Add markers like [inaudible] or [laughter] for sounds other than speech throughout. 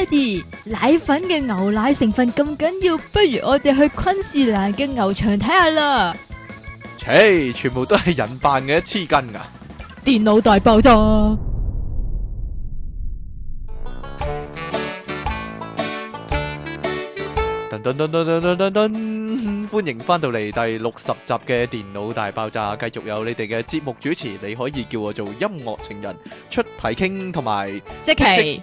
爹哋，奶粉嘅牛奶成分咁緊要，不如我哋去昆士蘭嘅牛場睇下啦。切，全部都係人扮嘅，黐筋㗎！電腦大爆炸。噔噔噔噔噔噔噔噔，歡迎翻到嚟第六十集嘅電腦大爆炸，繼續有你哋嘅節目主持，你可以叫我做音樂情人出體 king，同埋積淇。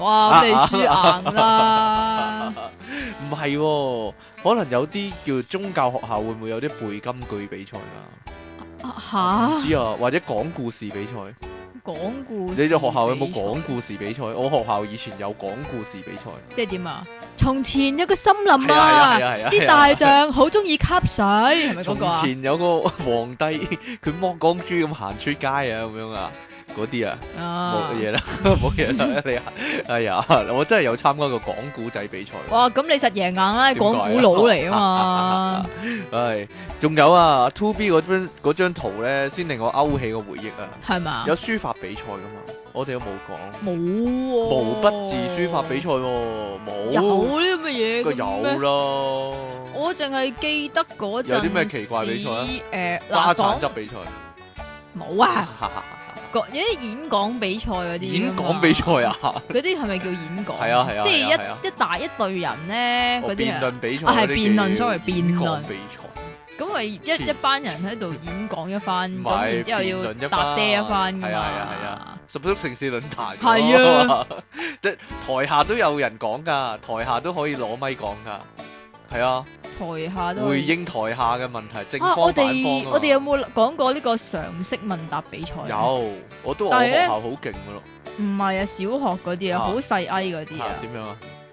哇！我哋輸硬啦，唔 [laughs] 係、哦，可能有啲叫宗教學校會唔會有啲背金句比賽啊？啊吓？唔知啊？或者講故事比賽？講故事？你哋學校有冇講故事比賽？我學校以前有講故事比賽。即係點啊？從前有個森林啊，啲、啊啊啊啊啊啊、大象好中意吸水，係咪嗰前有個皇帝，佢 [laughs] 剝光豬咁行出街啊，咁樣啊？嗰啲啊，冇嘢啦，冇嘢啦， [laughs] 你係、啊，哎呀，我真係有參加過講古仔比賽。哇，咁你實贏硬啦，講古佬嚟啊嘛。唉、 [laughs] 哎，仲有啊，Two B 嗰張嗰張圖咧，先令我勾起個回憶啊。係嘛？有書法比賽噶嘛？我哋都冇講。冇喎、啊。毛筆字書法比賽喎、啊，冇、啊。有呢啲咁嘅嘢。有啦。我淨係記得嗰陣。有啲咩奇怪比賽啊？誒、呃，揸叉執比賽。冇啊。 [laughs] 有啲演講比賽嗰啲，演講比賽啊，嗰啲係咪叫演講？係啊係啊，即係、啊啊就是、一、啊啊、一大一隊人咧，嗰啲啊，辯論比賽，係辯論，所謂辯論比賽，那比賽。咁、啊、咪一一,一班人喺度演講一番，咁然之後要答爹一番噶啊，十足城市論壇，係啊，啊啊 [laughs] 台下都有人講噶，台下都可以攞咪講噶，係啊。台下都，回應台下嘅問題，正方、反方、啊、我哋我哋有冇講過呢個常識問答比賽？有，我都是我學校好勁噶咯。唔係啊，小學嗰啲啊，好細 I 嗰啲啊。點、啊、樣啊？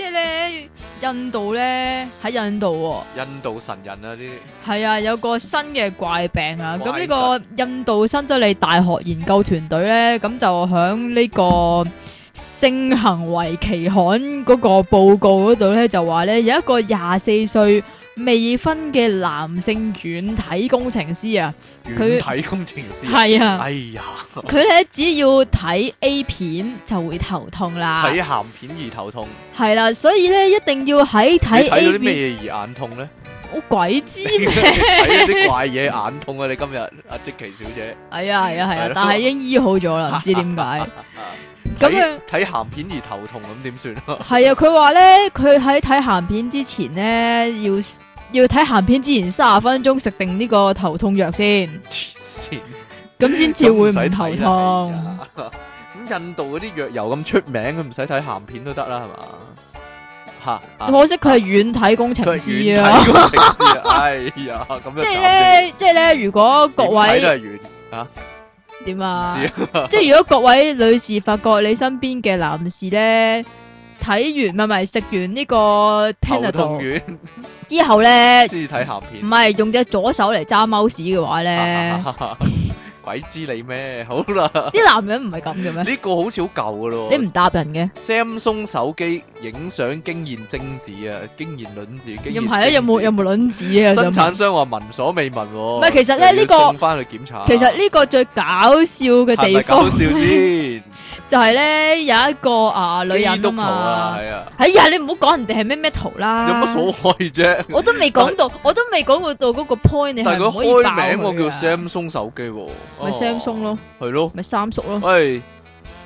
即係咧，印度咧喺印度、哦，印度神人啊啲，係啊，有個新嘅怪病啊，咁呢個印度新德里大學研究團隊咧，咁就響呢個性行為期刊嗰個報告嗰度咧，就話咧有一個廿四歲。未婚嘅男性軟體工程師啊，軟體工程師係啊，哎呀呢，佢咧只要睇 A 片就會頭痛啦、啊，睇鹹片、， [laughs] [laughs] 哎啊、 [laughs] 片而頭痛，係啦，所以咧一定要喺睇睇啲咩而眼痛咧，我鬼知咩，睇啲怪嘢眼痛啊！你今日阿積淇小姐係啊係啊係啊，但係已經醫好咗啦，唔知點解咁樣睇鹹片而頭痛咁點算啊？係啊，佢話咧佢喺睇鹹片之前咧要。要睇鹹片之前三十分鐘食定呢個頭痛藥先，咁先至會唔頭痛。咁、哎、印度嗰啲藥油咁出名，佢唔使睇鹹片都得啦，係嘛？吓，可惜佢係軟體工程師啊。係啊，咁 [laughs] 哎、即係咧，即係咧，如果各位點啊？啊即係如果各位女士發覺你身邊嘅男士咧。睇完咪咪食完呢個 pan 之後咧，先睇鹹片。唔係用隻左手嚟揸貓屎嘅話咧。 [laughs] [laughs] 鬼知你咩？好啦，啲男人唔係咁嘅咩？呢個好似好舊嘅咯。你唔答人嘅？Samsung 手機影相經驗精子啊，經驗卵子，經驗唔係啊？有冇有冇卵子啊？生產商話聞所未聞。唔係，其實咧呢個，翻去檢查。其實呢個最搞笑嘅地方，就係咧有一個啊女人啊。哎呀，你唔好講人哋係咩咩圖啦。有乜所謂啫？我都未講到，我都未講到到嗰個 point。但係個開名，我叫 Samsung 手機。咪 Samsung 咯，係咯，咪三叔咯。喂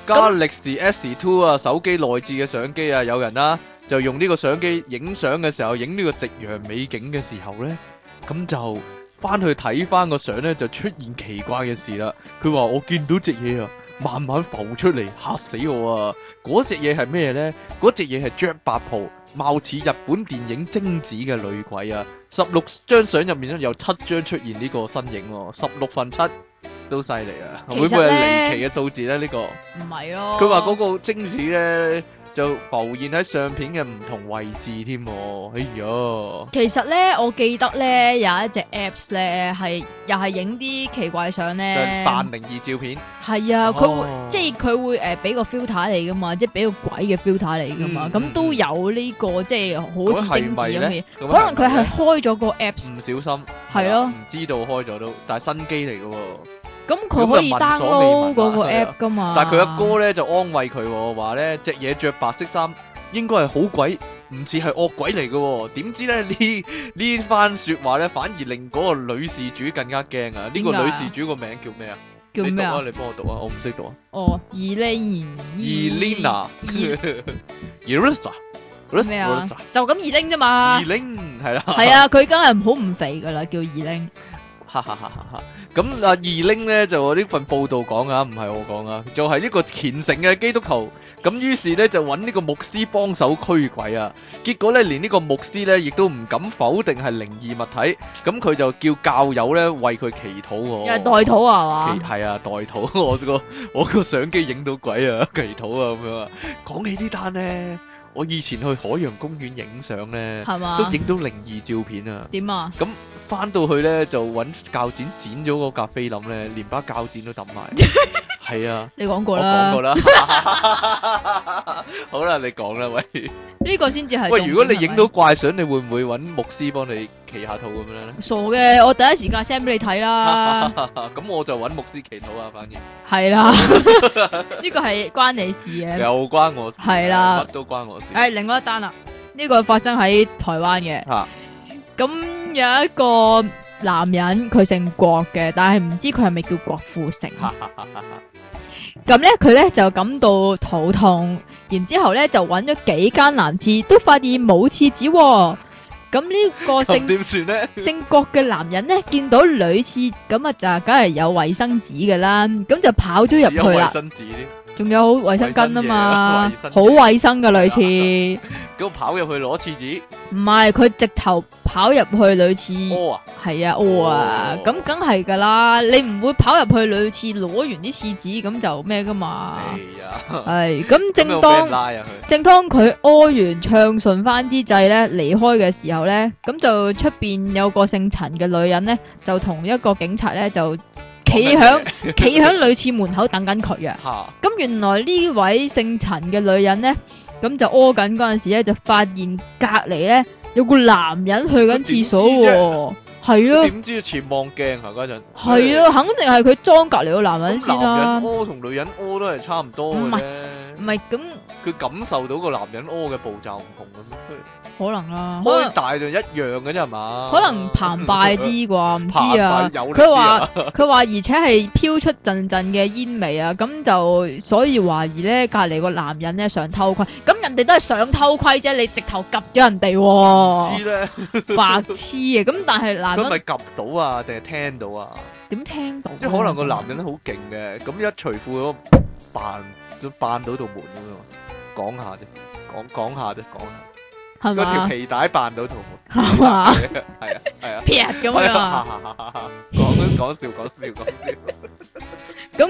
，Galaxy S Two 啊，手機內置嘅相機啊，有人啦，就用呢個相機影相嘅時候，影呢個夕陽美景嘅時候咧，咁就翻去睇翻個相咧，就出現奇怪嘅事啦。佢話我見到隻嘢啊，慢慢浮出嚟，嚇死我啊！嗰隻嘢係咩咧？嗰隻嘢係着白袍，貌似日本電影貞子嘅女鬼啊。十六張相入面咧，有七張出現呢個身影，十六分七。都犀利啊！會唔會係離奇嘅數字咧，這個哦、個呢個唔係咯。佢話嗰個精子咧。就浮現喺相片嘅唔同位置添，哎呀！其實咧，我記得咧，有一隻 apps 咧係又係影啲奇怪相咧，就扮靈異照片。係啊，佢會即係佢會誒俾個 filter 嚟噶嘛，即係俾個鬼嘅 filter 嚟噶嘛，咁都有呢個即係好似精緻咁嘅。可能佢係開咗個 apps，唔小心係咯，唔知道開咗都，但係新機嚟嘅喎。咁佢可以 download 嗰個 app 噶嘛？但係佢阿哥咧就安慰佢，話咧隻嘢着白色衫，應該係好鬼，唔似係惡鬼嚟嘅。點知咧，呢呢番說話咧，反而令嗰個女事主更加驚啊！呢個女事主個名叫咩啊？叫咩啊？你幫我讀啊！我唔識讀啊！哦，Elena，Elena，Erista，咩啊？就咁 Eling 啫嘛？Eling 係啦。係啊，佢梗係好唔肥噶啦，叫 Eling。哈哈哈！咁阿二拎咧就話呢份報道講啊，唔係我講啊，就係呢個虔誠嘅基督徒。咁於是咧就揾呢個牧師幫手驅鬼啊。結果咧連呢個牧師咧亦都唔敢否定係靈異物體。咁佢就叫教友咧為佢祈禱個，係代禱啊嘛。係啊，代禱。我個我個相機影到鬼啊，祈禱啊咁樣。講起呢單咧。我以前去海洋公園影相呢，係嘛，都影到靈異照片啊。點啊？咁翻到去呢，就揾鉸剪剪咗個咖啡林呢，連把鉸剪都抌埋。 [laughs] 係啊，你講過啦，講過啦，好啦，你講啦，喂，呢個先至係。喂，如果你影到怪相，你會唔會揾牧師幫你祈下禱咁樣咧？傻嘅，我第一時間 send 俾你睇啦。咁我就揾牧師祈禱啊，反而係啦，呢個係關你事嘅，又關我事，係啦，都關我事。誒，另外一單啦，呢個發生喺台灣嘅，咁有一個。男人佢姓郭嘅，但係唔知佢係咪叫郭富城。咁 [laughs] 呢，佢呢就感到肚痛，然之後呢就揾咗幾間男廁，都發現冇廁紙，哦。咁呢個姓 [laughs] 呢姓郭嘅男人呢，見到女廁，咁 [laughs] 啊就梗係有衛生紙噶啦，咁就跑咗入去啦。仲有好衛生巾啊嘛，好衛生嘅類似咁跑入去攞廁紙？唔係，佢直頭跑入去女廁。屙啊！係、 [laughs] [laughs] 哦、啊，屙啊！咁梗係噶啦，你唔會跑入去女廁攞完啲廁紙，咁就咩噶嘛？係、哎、啊，係。咁正當正當佢屙完暢順翻之際咧，離開嘅時候咧，咁就出邊有個姓陳嘅女人咧，就同一個警察咧就。企喺企企女廁門口等緊佢嘅，咁 [laughs] 原來呢位姓陳嘅女人咧，咁就屙緊嗰陣時咧，就發現隔籬咧有個男人去緊廁所啊。 [laughs] 係咯，點知要潛望鏡啊，家陣係咯，肯定係佢裝隔籬個男人先啦。男人屙同女人屙都係差唔多嘅咧。唔係，咁佢感受到個男人屙嘅步驟唔同咁，可能啦，可能大就一樣嘅啫嘛。可能澎湃啲啩，唔知啊。佢話佢話，而且係飄出陣陣嘅煙味啊，咁就所以懷疑咧，隔籬個男人咧想偷窺。咁人哋都係想偷窺啫，你直頭及咗人哋，白痴啊！咁但係嗱。佢咪及到啊，定係聽到啊？點聽到？即係可能個男人好勁嘅，咁一除褲佢，扮都扮到道門啊嘛！講下啫，講講下啫，講下。嗰條皮帶扮到道門。係咪？係啊係啊！劈咁樣啊！講講笑講笑講笑。咁。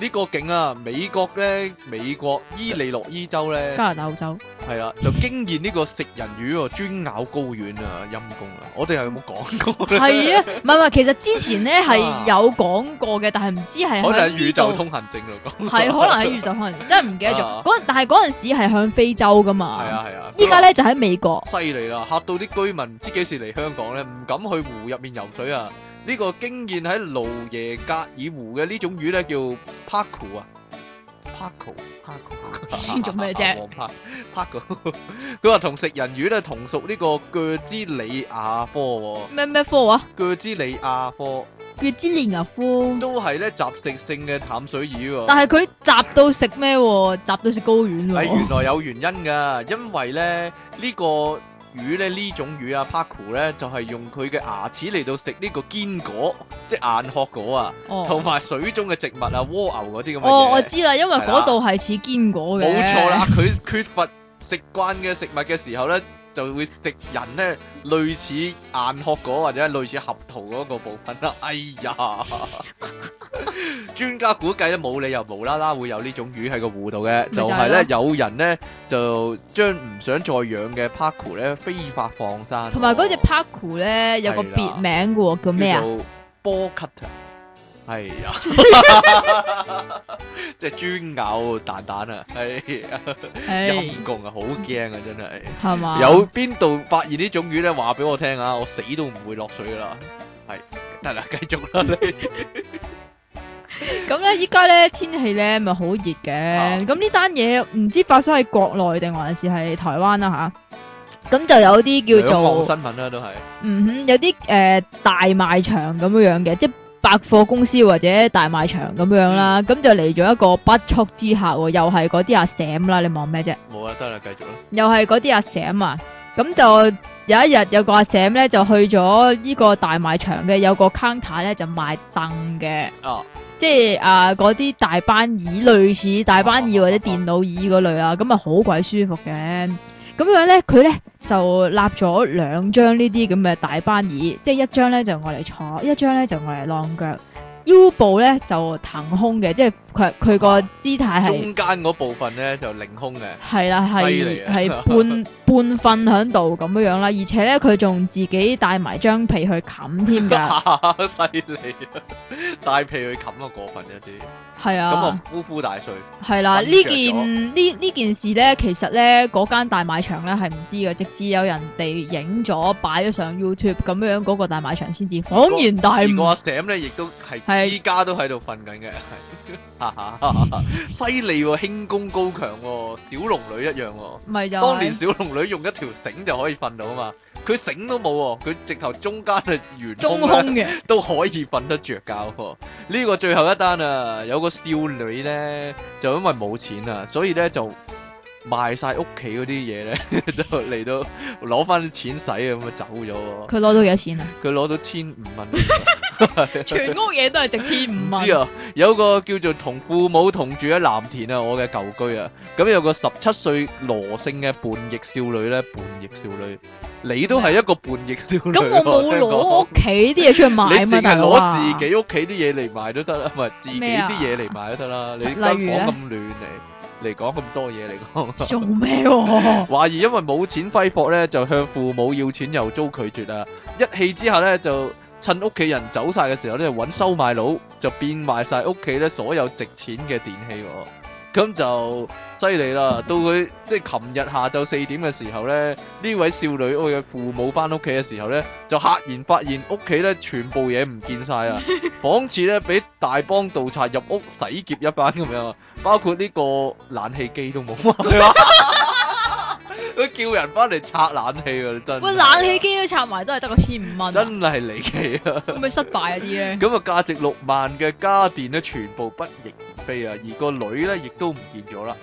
呢個勁啊！美國咧，美國伊利諾伊州咧，加拿大澳洲係啦，就驚現呢個食人魚哦，專咬睾丸啊，陰功啊！我哋係有冇講過？係啊，唔係唔係，其實之前咧係有講過嘅，但係唔知係喺邊度。可能係宇宙通行證咯，講係可能喺宇宙通行證，真係唔記得咗嗰。但係嗰陣時係響非洲噶嘛？係啊係啊，依家咧就喺美國，犀利啦，吓到啲居民，唔知幾時嚟香港咧，唔敢去湖入面游水啊！呢、這個經驗喺盧耶格爾湖嘅呢種魚咧叫帕庫啊，Parko, Parko, [laughs] 帕 r 帕庫，叫做咩啫？帕帕庫，佢話同食人魚咧同屬呢個鋸脂鯉亞科，咩咩科啊？鋸脂鯉亞科，鋸脂鯉亞科，都係咧雜食性嘅淡水魚，但係佢雜到食咩？雜到食睾丸。誒、哎，原來有原因噶，因為咧呢、這個。魚咧呢種魚啊，Pacu 咧就係用佢嘅牙齒嚟到食呢個堅果，即係硬殼果啊，oh. 同埋水中嘅植物啊，蝸牛嗰啲咁嘅哦，oh, 我知啦，因為嗰度係似堅果嘅。冇錯啦，佢缺乏食慣嘅食物嘅時候咧，就會食人咧，類似硬殼果或者係類似合桃嗰個部分啦。哎呀， [laughs] [laughs] 專家估計咧冇理由無啦啦會有呢種魚喺個湖度嘅，就係、是、咧、就是、有人咧就將唔想再養嘅 pacu 咧非法放生，同埋嗰隻 pacu 咧有，有個別名喎、哦，叫咩啊？波 cutter。係啊，即係專咬蛋蛋啊！係，陰功啊，好驚啊，真係。係嘛？有邊度發現呢種魚咧？話俾我聽啊！我死都唔會落水啦。係得啦，繼續啦你。咁咧，依家咧天氣咧咪好熱嘅。咁呢單嘢唔知發生喺國內定還是係台灣啦吓。咁就有啲叫做新聞啦，都係。嗯哼，有啲誒大賣場咁樣樣嘅，即係。百貨公司或者大賣場咁樣啦，咁、嗯、就嚟咗一個不速之客喎、啊，又係嗰啲阿 Sam 啦，你望咩啫？冇啊，得啦，繼續啦。又係嗰啲阿 Sam 啊，咁就有一日有個阿 Sam 咧，就去咗依個大賣場嘅，有個 counter 咧就賣凳嘅，哦、啊，即係啊嗰啲大班椅，類似大班椅或者電腦椅嗰類啦，咁啊好鬼、啊啊、舒服嘅。咁樣咧，佢咧就立咗兩張呢啲咁嘅大班椅，即係一張咧就我嚟坐，一張咧就我嚟晾腳，腰部咧就騰空嘅，即係佢佢個姿態係、啊、中間嗰部分咧就凌空嘅，係啦、啊，係係、啊、半 [laughs] 半瞓響度咁樣樣啦，而且咧佢仲自己帶埋張被去冚添噶，犀利、啊，帶被去冚啊過分一啲。係啊，呼呼大、啊、睡。係啦，呢件呢呢件事咧，其實咧嗰間大賣場咧係唔知嘅，直至有人哋影咗擺咗上 YouTube 咁樣，嗰、那個大賣場先至恍然大悟。個 Sam 咧亦都係，依家都喺度瞓緊嘅，哈哈，犀利喎，輕功高強喎、啊，小龍女一樣喎、啊，咪、就是、當年小龍女用一條繩就可以瞓到啊嘛。 [laughs] 佢醒都冇喎，佢直頭中間係懸空嘅，空都可以瞓得着覺。呢、這個最後一單啊，有個少女咧就因為冇錢啊，所以咧就賣晒屋企嗰啲嘢咧，就嚟到攞翻啲錢使啊，咁就走咗。佢攞到幾多錢啊？佢攞到千五蚊。 [laughs] 全屋嘢都係值千五萬。知啊，有個叫做同父母同住喺藍田啊，我嘅舊居啊，咁有個十七歲羅姓嘅叛逆少女咧，叛逆少女，你都係一個叛逆少女。咁我冇攞屋企啲嘢出去賣啊嘛，係攞自己屋企啲嘢嚟賣都得啦，唔係自己啲嘢嚟賣都得啦。你間房咁亂嚟嚟講咁多嘢嚟講，做咩？懷疑因為冇錢揮霍咧，就向父母要錢又遭拒絕啦，一氣之下咧就。趁屋企人走晒嘅時候咧，揾收買佬就變賣晒屋企咧所有值錢嘅電器，咁就犀利啦。到佢即係琴日下晝四點嘅時候咧，呢位少女屋嘅父母翻屋企嘅時候咧，就赫然發現屋企咧全部嘢唔見晒啊， [laughs] 仿似咧俾大幫盜賊入屋洗劫一番咁樣，包括呢個冷氣機都冇。 [laughs] [laughs] [laughs] 佢叫人翻嚟拆冷氣啊！真係！喂，冷氣機都拆埋，都係得個千五蚊。真係離奇啊！咁咪失敗嗰啲咧？咁啊，價值六萬嘅家電咧，全部不翼而飛啊！而個女咧，亦都唔見咗啦。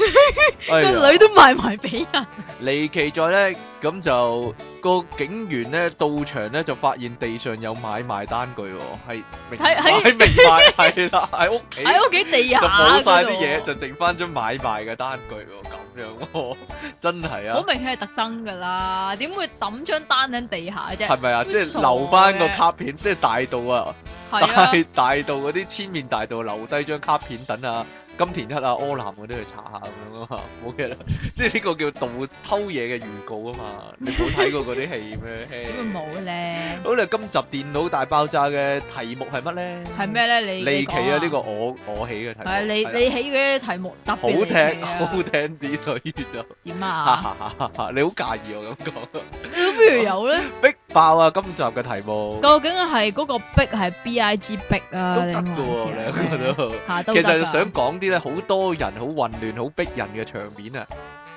個女都賣埋俾人。離奇在咧，咁就個警員咧到場咧，就發現地上有買賣單據喎，係明賣，係啦，喺屋企，喺屋企地下就冇曬啲嘢，就剩翻張買賣嘅單據喎，咁樣喎，真係啊！我明。佢係特登噶啦，點會抌張單喺地下啫？係咪啊？即係留翻個卡片，即係大道啊！係、啊、大道嗰啲千面大道留低張卡片等啊！金田一啊，柯南嗰啲去查下咁樣啊 [laughs] 嘛，冇計啦，即係呢個叫盜偷嘢嘅預告啊嘛，你冇睇過嗰啲戲咩？點會冇咧？好啦，今集電腦大爆炸嘅題目係乜咧？係咩咧？你你奇啊！呢、啊呢個我我起嘅題，係你你起嘅題目特、啊啊、好聽，啊、好聽啲，所以就點 [laughs] 樣啊？ [laughs] 你好介意我咁講？你都不如有咧？迫、啊、爆啊！今集嘅題目究竟係嗰個逼係 B I G 逼啊？都得嘅喎，兩個都，啊、都得其實想講啲。即係好多人好混亂、好逼人嘅場面啊！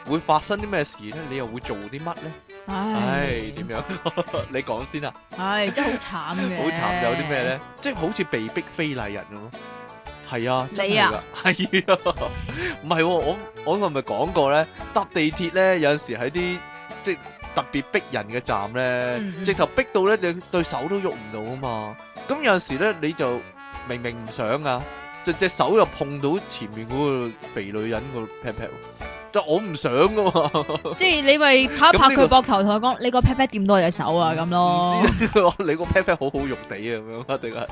會發生啲咩事咧？你又會做啲乜咧？唉，點樣？你講先啊。唉，真係好慘嘅。好慘，有啲咩咧？即係好似被逼非禮人咁。係啊，你啊，係啊，唔係我，我係咪講過咧？搭地鐵咧，有陣時喺啲即係特別逼人嘅站咧，直頭逼到咧你對手都喐唔到啊嘛。咁有陣時咧，你就明明唔想噶。隻隻手又碰到前面嗰個肥女人個 pat pat，但係我唔想噶嘛。即係你咪拍一拍佢膊頭，同佢講：你個 pat pat 掂到我隻手啊咁咯。唔知喎，你個 pat pat 好好肉地啊咁啊定係？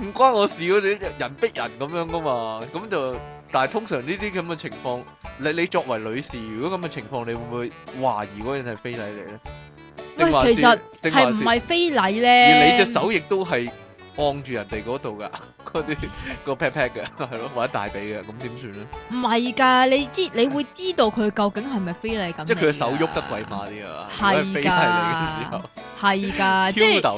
唔唔關我事咯，你人逼人咁樣噶嘛。咁就但係通常呢啲咁嘅情況，你你作為女士，如果咁嘅情況，你會唔會懷疑嗰人係非禮嚟咧？唔係，其實係唔係非禮咧？而你隻手亦都係。望住人哋嗰度噶，嗰啲，嗰個 pat pat 嘅，係 [laughs] 咯，或者大髀嘅，咁點算咧？唔係噶，你知你會知道佢究竟係咪非禮咁。即係佢嘅手喐得鬼碼啲啊嘛。係㗎，係㗎，即係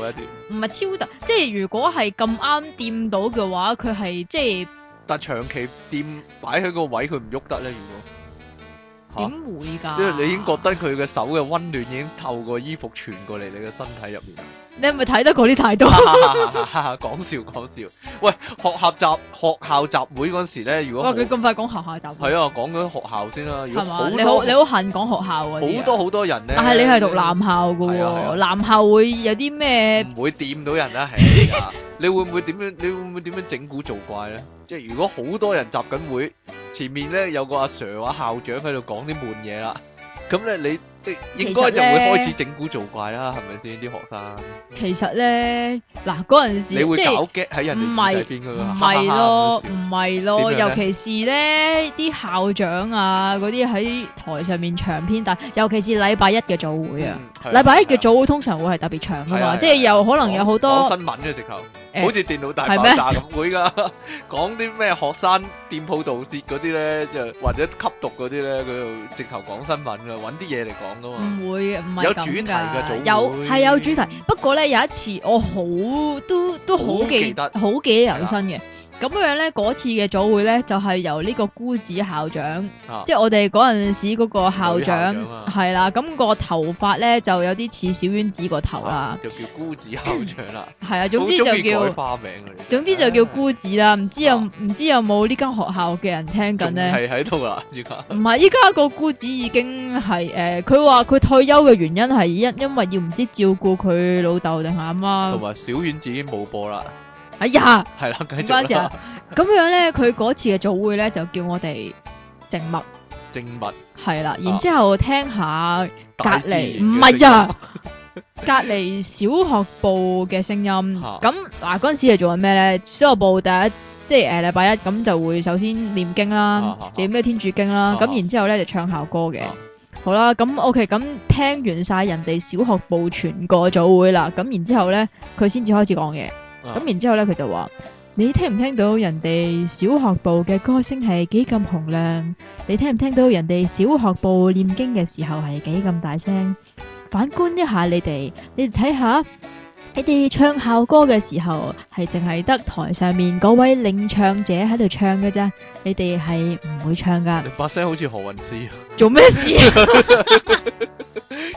唔係超特？即係如果係咁啱掂到嘅話，佢係即係。但長期掂擺喺個位，佢唔喐得咧，如果點會㗎？即，啊，為你，你已經覺得佢嘅手嘅温暖已經透過衣服傳過嚟你嘅身體入面。你係咪睇得過啲太多？講笑講笑，喂，學校集學校集會嗰時咧，如果哇，你咁快講學校集會？係啊，講緊學校先啦。係嘛，你好你好恨講學校啊！好多好多人咧。但係你係讀男校噶喎，男校會有啲咩？唔會掂到人啊，係啊！你會唔會點樣？你會唔會點樣整蠱做怪咧？即係如果好多人集緊會，前面咧有個阿 Sir 話校長喺度講啲悶嘢啦，咁咧你。即係應該就會開始整蠱作怪啦，係咪先啲學生？其實咧，嗱嗰陣時你會搞激喺人哋台上面邊噶下下？唔係咯，唔係咯，尤其是咧啲校長啊嗰啲喺台上面長篇大，尤其是禮拜一嘅早會啊，禮拜一嘅早會通常會係特別長噶嘛，即係又可能有好多新聞嘅直頭，誒，好似電腦大爆炸咁會噶，講啲咩學生店鋪盜竊嗰啲咧，就或者吸毒嗰啲咧，佢就直頭講新聞噶，搵啲嘢嚟講。唔會，唔係咁有主題㗎，有係有主題。不過咧，有一次我好都都好記，記得好記憶猶新嘅。咁樣咧，嗰次嘅組會咧就係、是、由呢個姑子校長，啊、即係我哋嗰陣時嗰個校長係、啊、啦，咁、那個頭髮咧就有啲似小丸子個頭啦、啊啊，就叫姑子校長啦、啊，係 [laughs] 啊， [laughs] 總之就叫，花名啊、 [laughs] 總之就叫姑子啦，唔、啊、知有唔、啊、知有冇呢間學校嘅人聽緊咧，係喺度啦，依 [laughs] 家，唔係依家個姑子已經係誒，佢話佢退休嘅原因係因因為要唔知照顧佢老豆定係阿媽，同埋小丸子已經冇播啦。哎呀，係啦，嗰陣時啊，咁樣咧，佢嗰次嘅早會咧就叫我哋靜默，靜默係啦。然之後聽下隔籬唔係啊， [laughs] 隔籬小學部嘅聲音。咁、啊、嗱，嗰陣、啊、時係做緊咩咧？小學部第一，即係誒禮拜一咁就會首先念經啦、啊啊啊啊，念咩天主經啦。咁、啊啊、然之後咧就唱校歌嘅、啊啊。好啦，咁 O K，咁聽完晒人哋小學部全個早會啦。咁然之後咧，佢先至開始講嘢。咁然之後咧，佢就話：你聽唔聽到人哋小學部嘅歌聲係幾咁洪亮？你聽唔聽到人哋小學部念經嘅時候係幾咁大聲？反觀一下你哋，你哋睇下。你哋唱校歌嘅時候，係淨係得台上面嗰位領唱者喺度唱嘅啫，你哋係唔會唱噶。你把聲好似何韻詩啊？做咩事？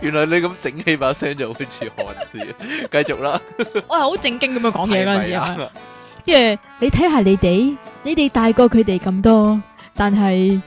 原來你咁整起把聲就好似何韻詩。繼 [laughs] 續啦吧。 [laughs] 我係好正經咁樣講嘢嗰陣時是是啊，即、yeah, 係你睇下你哋，你哋大過佢哋咁多，但係。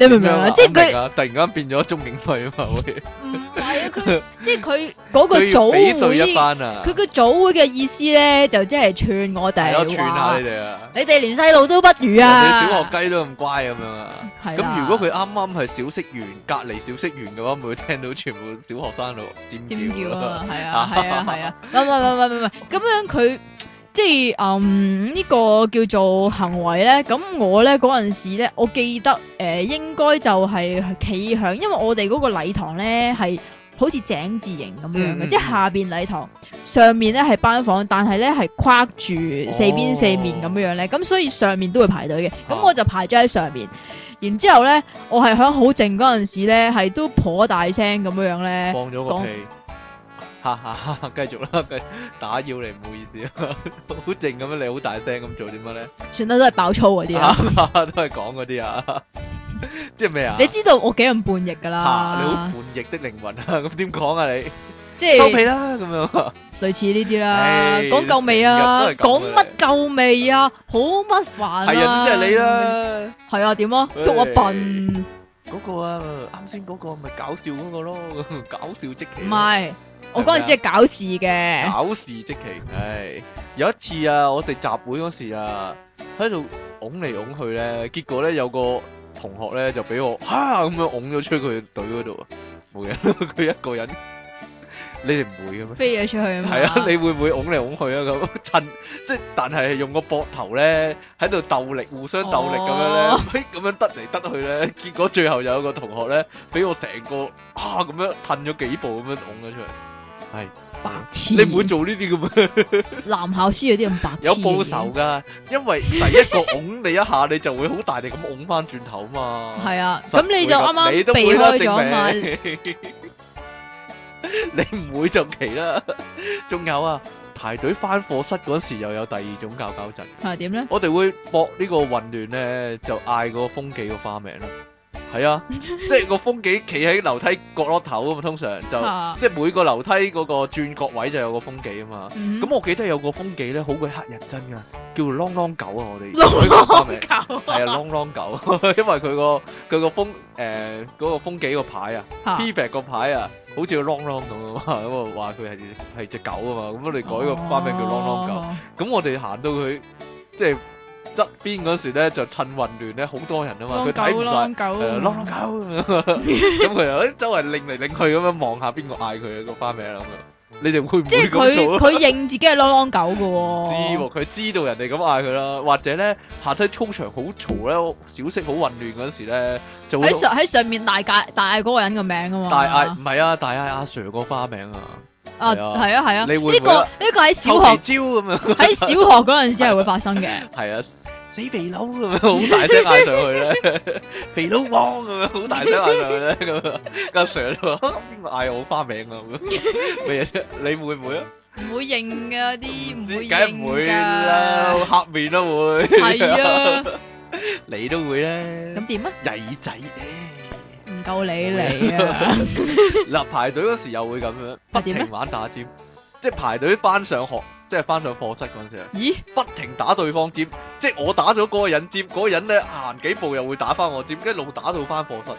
你明唔明啊？即係佢突然間變咗鍾景輝啊嘛好似。唔係啊，佢即係佢嗰個組會。可以比對一番啊！佢個組會嘅意思咧，就即係串我哋。我串下你哋啊！你哋連細路都不如啊！你小學雞都咁乖咁樣啊？係。咁如果佢啱啱係小息完，隔籬小息完嘅話，唔會聽到全部小學生喎尖叫啊！係啊係啊係啊！唔唔唔唔唔唔，咁樣佢。即係嗯呢、這個叫做行為咧，咁我咧嗰陣時咧，我記得誒、呃、應該就係企響，因為我哋嗰個禮堂咧係好似井字形咁樣嘅，嗯、即係下邊禮堂，上面咧係班房，但係咧係框住四邊四面咁樣樣咧，咁、哦、所以上面都會排隊嘅，咁我就排咗喺上面，啊、然之後咧我係響好靜嗰陣時咧係都頗大聲咁樣樣咧。放咗個屁。吓吓吓，繼續啦！打擾你唔好意思，好靜咁樣，你好大聲咁做點樣咧？算啦，都係爆粗嗰啲啦，都係講嗰啲啊，即係咩啊？你知道我幾咁叛逆噶啦？你好叛逆的靈魂啊！咁點講啊？你即係收皮啦！咁樣類似呢啲啦，講夠未啊？講乜夠未啊？好乜煩啊！係啊，即係你啦。係啊，點啊？捉我笨嗰個啊，啱先嗰個咪搞笑嗰個咯，搞笑即係唔係？是我嗰陣時係搞事嘅，搞事即奇。唉、哎，有一次啊，我哋集會嗰時啊，喺度拱嚟拱去咧，結果咧有個同學咧就俾我吓咁樣拱咗出去佢隊嗰度，冇人，佢一個人。你哋唔會嘅咩？飛咗出去係啊！你會唔會拱嚟拱去啊？咁趁即係，但係用個膊頭咧喺度鬥力，互相鬥力咁樣咧，咁、oh. 樣得嚟得去咧，結果最後有一個同學咧，俾我成個啊咁樣褪咗幾步咁樣拱咗出嚟，係白痴！你唔會做呢啲噶咩？ [laughs] 男校師有啲咁白痴，有報仇噶，因為第一個拱你一下， [laughs] 你就會好大力咁拱翻轉頭啊嘛。係啊，咁你就啱啱你都避開咗啊。 [laughs] [laughs] 你唔會就奇啦，仲有啊，排隊翻課室嗰時又有第二種搞搞震，係點咧？我哋會博呢個混亂咧，就嗌個風紀個花名咯。係啊，即係個風紀企喺樓梯角落頭啊嘛，通常就即係每個樓梯嗰個轉角位就有個風紀啊嘛。咁我記得有個風紀咧好鬼黑人憎噶，叫做啷啷狗啊！我哋啷啷狗係啊，啷啷狗，因為佢個佢個風誒嗰個風紀個牌啊，P 牌個牌啊，好似個啷啷咁啊，咁啊話佢係係隻狗啊嘛，咁我哋改個花名叫啷啷狗。咁我哋行到佢即係。側邊嗰時咧就趁混亂咧好多人啊嘛，佢睇唔晒，係啷啷狗咁，佢又喺周圍擰嚟擰去咁、那個、樣望、哦、 [laughs] 下邊個嗌佢個花名啊，你哋會唔會即係佢佢認自己係啷啷狗噶喎，知喎，佢知道人哋咁嗌佢啦，或者咧下梯操場好嘈咧，小息好混亂嗰時咧就喺上喺上面大嗌，大嗌嗰個人嘅名啊嘛，大嗌唔係啊，大嗌阿 Sir 個花名啊！啊，係啊，係啊，呢個呢個喺小學招咁樣，喺小學嗰陣時係會發生嘅。係啊，死肥佬咁樣，好大聲嗌上去咧，肥佬王咁樣，好大聲嗌上去咧，咁啊，加上邊個嗌我花名啊？咩啫？你會唔會啊？唔會認噶啲，唔會認噶。梗係會啦，黑面都會。係啊，你都會咧。咁點啊？仔仔。夠你嚟啊！嗱，排隊嗰時候又會咁樣 [laughs] 不停玩打尖，即係排隊翻上,上學，即係翻上課室嗰陣時咦，不停打對方尖，即係我打咗嗰個人尖，嗰個人咧行幾步又會打翻我尖，一路打到翻課室，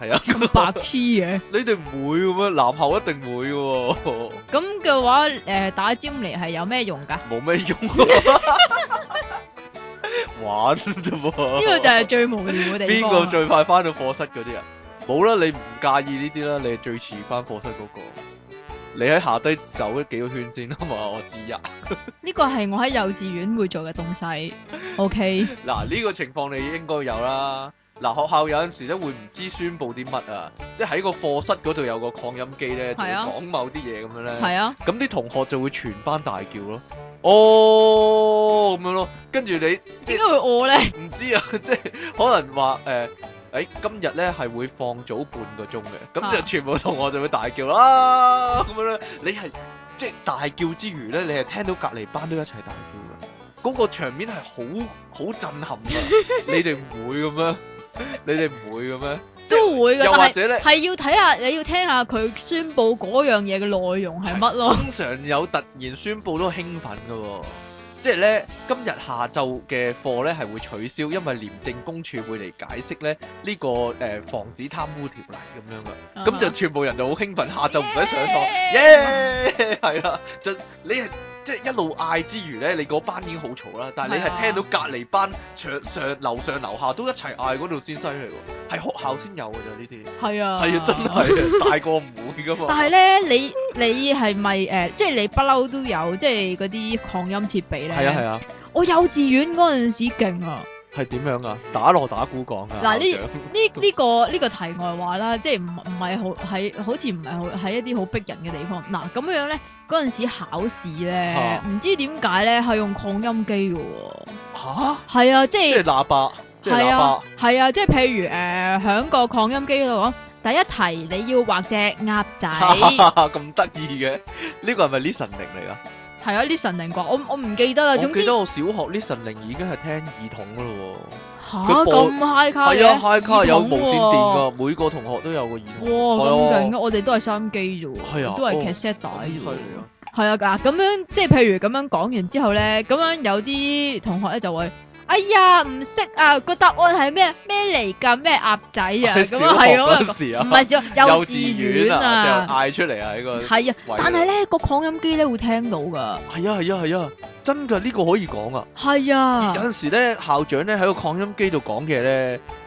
係啊，咁白痴嘅。 [laughs] 你哋唔會咁咩？男校一定會嘅。咁嘅話，誒、呃，打尖嚟係有咩用噶？冇咩用的， [laughs] [laughs] 玩啫嘛、啊。呢、這個就係最無聊嘅地方。邊個最快翻到課室嗰啲啊？冇啦，你唔介意呢啲啦，你係最遲翻課室嗰個，你喺下低走幾個圈先啦嘛，我知呀。呢 [laughs] 個係我喺幼稚園會做嘅東西。O K，嗱呢個情況你應該有啦。嗱，學校有陣時都會唔知宣布啲乜啊，即係喺個課室嗰度有個擴音機咧，講、係啊、某啲嘢咁樣咧，咁啲、係啊、同學就會全班大叫咯。哦，咁樣咯，跟住你點解會餓咧？唔知啊，即係可能話誒。欸誒，今日咧係會放早半個鐘嘅，咁就全部同學就會大叫啦，咁樣咧，你係即係大叫之餘咧，你係聽到隔籬班都一齊大叫嘅，嗰個場面係好好震撼嘅。你哋唔會噉樣？你哋唔會噉樣？都會嘅。又或者咧，係要睇下你要聽下佢宣布嗰樣嘢嘅內容係乜咯？通常有突然宣布都興奮㗎喎。即係咧，今日下晝嘅課咧係會取消，因為廉政公署會嚟解釋咧呢、這個誒、呃、防止貪污條例咁樣嘅咁、uh -huh. 就全部人就好興奮，下晝唔使上堂，耶！係啦，就你即係、就是、一路嗌之餘咧，你個班已經好嘈啦。但係你係聽到隔籬班上、上上樓上樓下都一齊嗌嗰度先犀利，係學校先有噶咋呢啲？係啊，係啊，真係大個唔會噶嘛。 [laughs] 但係咧，你你係咪誒，即、呃、係、就是、你不嬲都有即係嗰啲擴音設備咧？係啊係啊，我幼稚園嗰陣時勁啊，係點樣啊？打鑼打鼓講啊！嗱呢呢呢個呢、呢個題外話啦，即係唔唔係好喺，好似唔係喺一啲好逼人嘅地方。嗱咁樣咧，嗰陣時考試咧，唔知點解咧係用擴音機噶？吓，係啊，係啊係啊即係、即係喇叭，即係喇叭，係啊，係啊，即係譬如誒響、呃、個擴音機度講，第一題你要畫隻鴨仔，咁得意嘅，呢個係咪 listening 嚟噶？係啊，listening 啩，我我唔記得啦。總之我記得我小學 listening 已經係聽耳筒噶啦，吓，咁 high 卡係啊 high 卡有無線電噶、啊，每個同學都有個耳筒，哇咁勁㗎、啊、我哋都係收音機啫喎，係啊，都係 cassette 嚟嘅，係、哦、啊咁、啊、樣即係譬如咁樣講完之後咧，咁樣有啲同學咧就會。哎呀，唔識啊！個答案係咩咩嚟噶？咩鴨仔啊？咁啊係啊，唔係幼稚園啊，就嗌出嚟啊！呢個係啊，呢個、但係咧、那個擴音機咧會聽到噶。係啊係啊係啊，啊，真噶呢、呢個可以講啊。係啊，有陣時咧校長咧喺個擴音機度講嘅咧。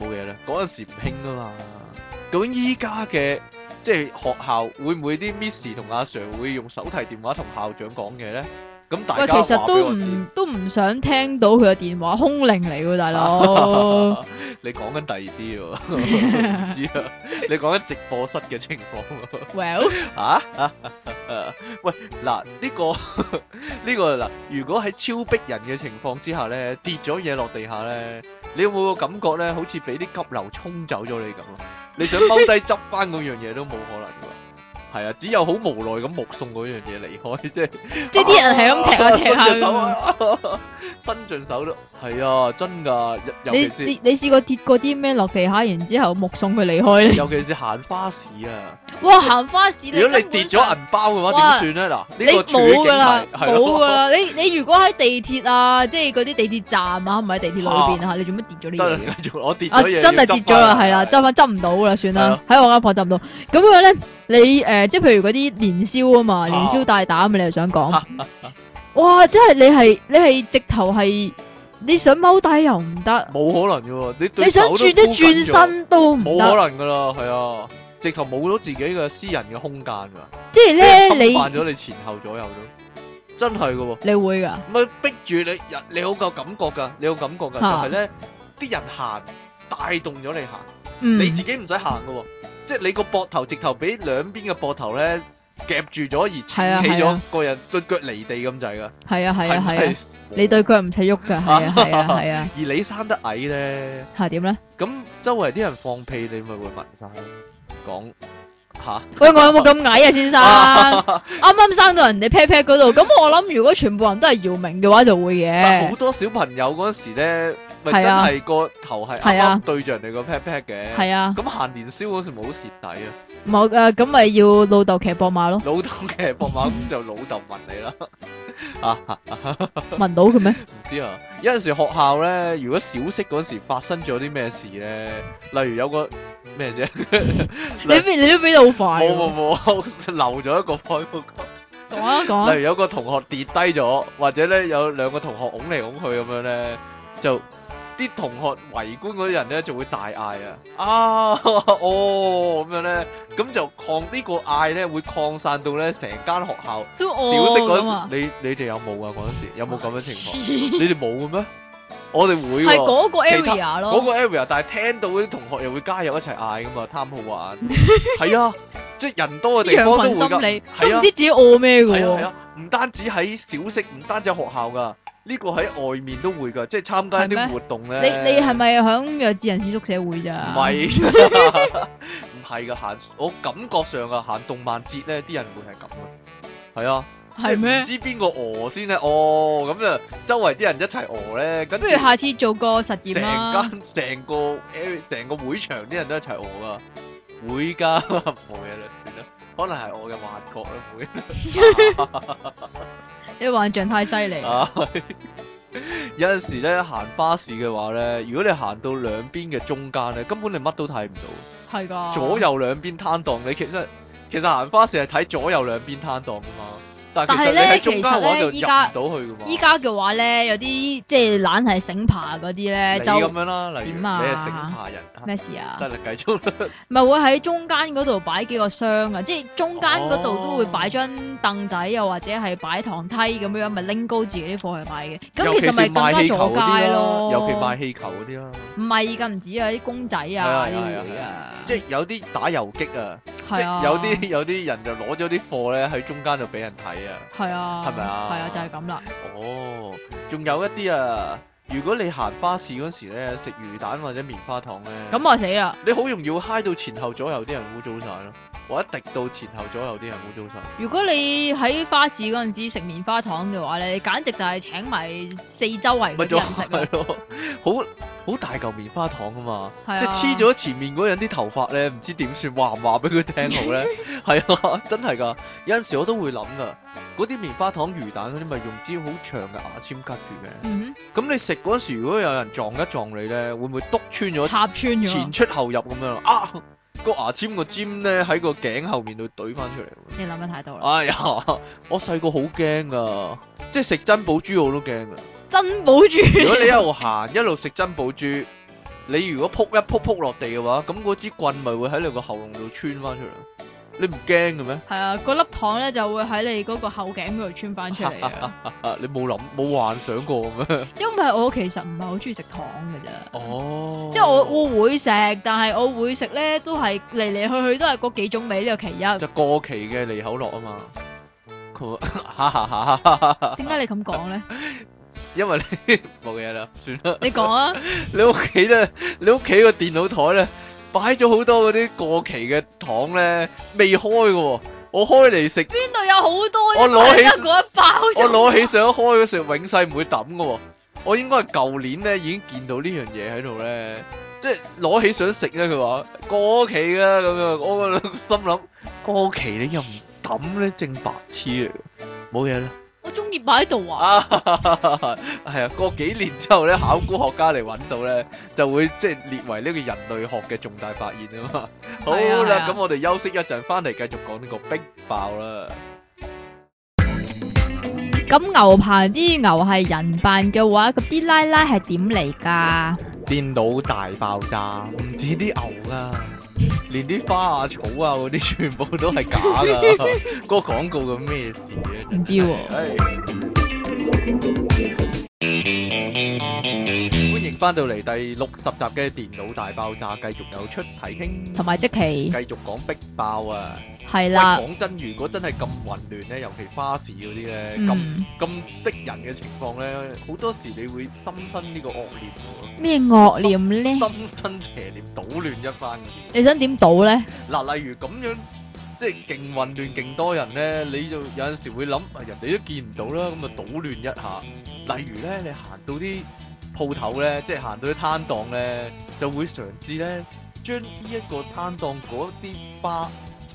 冇嘢啦，嗰陣時唔興㗎嘛。究竟依家嘅即係學校會唔會啲 Miss 同阿 Sir 會用手提電話同校長講嘢咧？大喂，其實都唔都唔想聽到佢嘅電話，空靈嚟喎，大佬 [laughs] [laughs] [laughs] 。你講緊第二啲喎，唔知。你講緊直播室嘅情況喎。 [laughs] Well， [laughs] 啊 [laughs] 喂，嗱呢、這個呢、這個嗱嗱呢個呢個嗱，如果喺超逼人嘅情況之下咧，跌咗嘢落地下咧，你有冇個感覺咧，好似俾啲急流沖走咗你咁啊？ [laughs] 你想踎低執翻嗰樣嘢都冇可能㗎。係啊，只有好無奈咁目送嗰樣嘢離開，即係即係啲人係咁、啊、踢，一踢一下踢下佢，伸盡手咯、啊。係啊，真噶！你是你你試過跌過啲咩落地下，然之後目送佢離開咧？尤其是行花市啊！哇，行花市如果你跌咗銀包嘅話，點算咧？嗱，呢個冇噶啦，冇噶啦。你了、這個了啊、了你，你如果喺地鐵啊， [laughs] 即係嗰啲地鐵站啊，唔係喺地鐵裏邊啊，你做乜跌咗、啊 [laughs] 啊啊啊啊啊、呢？我跌咗嘢，真係跌咗啦，係啦，執翻執唔到啦，算啦，喺我阿婆執唔到。咁樣咧。你誒、呃，即係譬如嗰啲年宵嘛啊嘛，年宵大膽啊，你又想講， [laughs] 哇，真係你係你係直頭係你想踎低又唔得，冇可能喎！你想轉一轉身都冇可能噶啦，係啊，直頭冇咗自己嘅私人嘅空間噶，即係咧你侵犯咗你前後左右咯，真係噶、啊，你會噶，咁逼住你人，你好夠感覺噶，你有感覺噶、啊，就係咧啲人行帶動咗你行、嗯，你自己唔使行噶。即係你個膊頭直頭俾兩邊嘅膊頭咧夾住咗而撐起咗、啊啊，個人對腳離地咁滯噶。係啊係啊係啊，啊，你對腳唔使喐噶。係啊係 [laughs] 啊係啊，啊。而你生得矮咧，係點咧？咁周圍啲人放屁，你咪會聞晒講。吓！喂，我有冇咁矮啊，先生？啱 [laughs] 啱生到人哋 pat pat 嗰度，咁我諗如果全部人都係姚明嘅話，就會嘅。好多小朋友嗰時咧，咪真係個頭係啱啱對住人哋個 pat pat 嘅。係啊。咁、啊、行年宵嗰時冇蝕底啊。冇誒，咁、呃、咪要老豆騎膊馬咯。老豆騎膊馬就老豆問你啦。 [laughs] 啊 [laughs] 哈，問到嘅咩？唔知啊，有陣時學校咧，如果小息嗰時發生咗啲咩事咧，例如有個咩嘢， [laughs] 你 [laughs] 你都俾到好快，啊，冇冇冇，留咗一個開個講一講，例如有個同學跌低咗，或者咧有兩個同學拱嚟拱去咁樣咧，就。啲同學圍觀嗰啲人咧就會大嗌啊！啊哦咁樣咧，咁就擴、呢個、呢個嗌咧會擴散到咧成間學校、哦、小息嗰時，你你哋有冇噶嗰陣時？有冇咁樣嘅情況？你哋冇嘅咩？我哋會喎。係嗰個、嗰個 area 咯，嗰個 area。但係聽到嗰啲同學又會加入一齊嗌噶嘛，貪好玩。係 [laughs] 啊，即、就、係、是、人多嘅地方都會㗎。係啊，唔知自己餓咩㗎？係啊係啊，唔、啊啊、單止喺小息，唔單止喺學校㗎。呢個喺外面都會噶，即係參加一啲活動咧。你你係咪響幼稚人士宿舍會咋？唔係，唔係噶行。我感覺上啊行動漫節咧，啲人會係咁嘅。係啊，係咩？唔知邊個餓先咧？哦，咁啊，周圍啲人一齊餓咧。咁不如下次做個實驗，成間成個成個會場啲人都一齊餓噶，會噶，冇嘢啦，算啦，可能係我嘅幻覺啦會。啲幻象太犀利， [laughs] 有陣時咧行巴士嘅話咧，如果你行到兩邊嘅中間咧，根本你乜都睇唔到。係噶，左右兩邊攤檔，你其實其實行巴士係睇左右兩邊攤檔噶嘛。但係咧，其實咧，依家依家嘅話咧，有啲即係懶係醒爬嗰啲咧，就點啊？你咁樣啦，例如你係醒爬人，咩事啊？ [laughs] 得啦，繼續啦。唔係會喺中間嗰度擺幾個箱啊，即係中間嗰度、oh. 都會擺張凳仔，又或者係擺堂梯咁樣，咪拎高自己啲貨去賣嘅。咁其實咪更加做街咯，尤其是賣氣球嗰啲啦。唔係，依家唔止啊，啲公仔啊，即係有啲打遊擊啊，即係有啲有啲人就攞咗啲貨咧喺中間就俾人睇。係啊，係咪啊？係啊，就係咁嘞。哦，仲有一啲啊。如果你行花市嗰時咧，食魚蛋或者棉花糖咧，咁我死啊！你好容易會嗨到前後左右啲人污糟晒咯，或者滴到前後左右啲人污糟晒。如果你喺花市嗰陣時食棉花糖嘅話咧，你簡直就係請埋四周圍嗰啲人食啊！咪咯，好好大嚿棉花糖啊嘛，是的即係黐咗前面嗰人啲頭髮咧，唔知點算話唔話俾佢聽好咧？係 [laughs] 啊，真係㗎！有陣時我都會諗㗎，嗰啲棉花糖魚蛋嗰啲咪用支好長嘅牙籤拮住嘅，咁、嗯、你食。嗰時如果有人撞一撞你咧，會唔會篤穿咗？插穿咗。前出後入咁樣，啊牙個牙籤個尖咧喺個頸後面度懟翻出嚟。你諗得太多啦。哎呀，我細個好驚噶即係食珍寶珠我都驚噶珍寶珠。如果你一路行一路食珍寶珠，你如果扑一扑扑落地嘅話，咁嗰支棍咪會喺你個喉嚨度穿翻出嚟。你唔驚嘅咩？係啊，嗰粒糖咧就會喺你嗰個後頸嗰度穿翻出嚟啊！啊，你冇諗冇幻想過咁樣？因為我其實唔係好中意食糖嘅啫。哦，即係我我會食，但係我會食咧都係嚟嚟去去都係嗰幾種味呢個其一。就過期嘅利口樂啊嘛！佢，哈哈哈！點解你咁講咧？因為你冇嘢啦，算啦。你講啊！你屋企咧，你屋企個電腦枱咧。擺咗好多嗰啲過期嘅糖咧，未開嘅喎，我開嚟食。邊度有好多？我攞起一,一包，我攞起想開嗰食，永世唔會抌嘅喎。我應該係舊年咧，已經見到呢樣嘢喺度咧，即係攞起想食咧。佢話過期啦，咁樣，我心諗過期你又唔抌咧？正白痴嚟，冇嘢啦。我中意擺喺度啊！係啊，過幾年之後咧，考古學家嚟揾到咧，就會即係列為呢個人類學嘅重大發現啊嘛。好啦，咁、啊啊、我哋休息一陣，翻嚟繼續講呢個迫爆啦。咁牛排啲牛係人扮嘅話，咁啲奶奶係點嚟噶？電腦大爆炸，唔止啲牛噶。連啲花啊草啊嗰啲全部都係假㗎 [laughs] [laughs] 嗰個廣告咁咩事啊，啊？唔知喎。翻到嚟第六十集嘅電腦大爆炸，繼續有出體 king，同埋積淇繼續講迫爆啊！係啦，講真，如果真係咁混亂咧，尤其巴士嗰啲咧，咁咁逼人嘅情況咧，好多時你會心生呢個惡念，咩惡念咧？心生邪念，搗亂一番。你想點搗咧？嗱，例如咁樣，即係勁混亂，勁多人咧，你就有陣時會諗，啊，人哋都見唔到啦，咁啊搗亂一下。例如咧，你行到啲鋪頭咧，即係行到啲攤檔咧，就會嘗試咧，將呢一個攤檔嗰啲花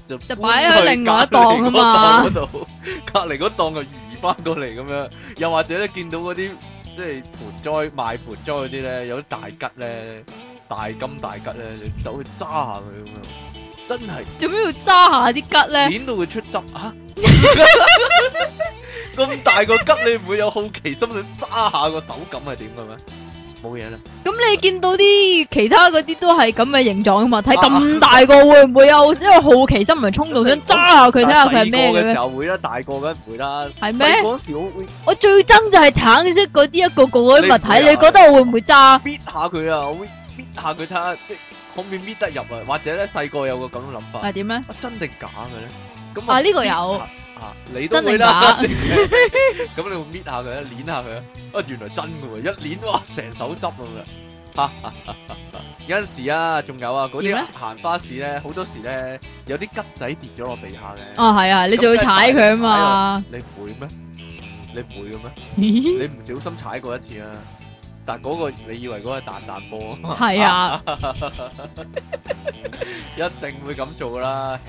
就擺喺另外一檔啊嘛。嗰度隔籬嗰檔又移翻過嚟咁樣，又或者咧，見到嗰啲即係盆栽賣盆栽嗰啲咧，有啲大吉咧，大金大吉咧，就走去揸下佢咁樣，真係做咩要揸下啲吉咧？捻到佢出汁啊！咁大個吉，你唔會有好奇心想揸下個手感係點嘅咩？冇嘢啦。咁你見到啲其他嗰啲都係咁嘅形狀嘅物體，咁大個會唔會有因為好奇心唔係衝動想揸下佢睇下佢係咩嘅時候？會啦，大個梗唔會啦。係咩？嗰時我最憎就係橙色嗰啲一個個嗰啲物體，你覺得我會唔會揸？搣下佢啊！我會搣下佢睇下可唔可以搣得入啊？或者咧細個有個咁嘅諗法係點咧？真定假嘅咧？咁啊呢個有。你都會啦，咁你會搣下佢啊，捻下佢啊。啊，原來真噶喎，一捻，哇，成手執到啦，有陣時啊，仲有啊，嗰啲行花市咧，好多時咧有啲桔仔跌咗落地下咧。啊係啊，你仲會踩佢啊嘛，你會咩？你唔會嘅咩？你唔小心踩過一次啊？但嗰個你以為嗰個彈彈波啊？係啊，一定會咁做啦。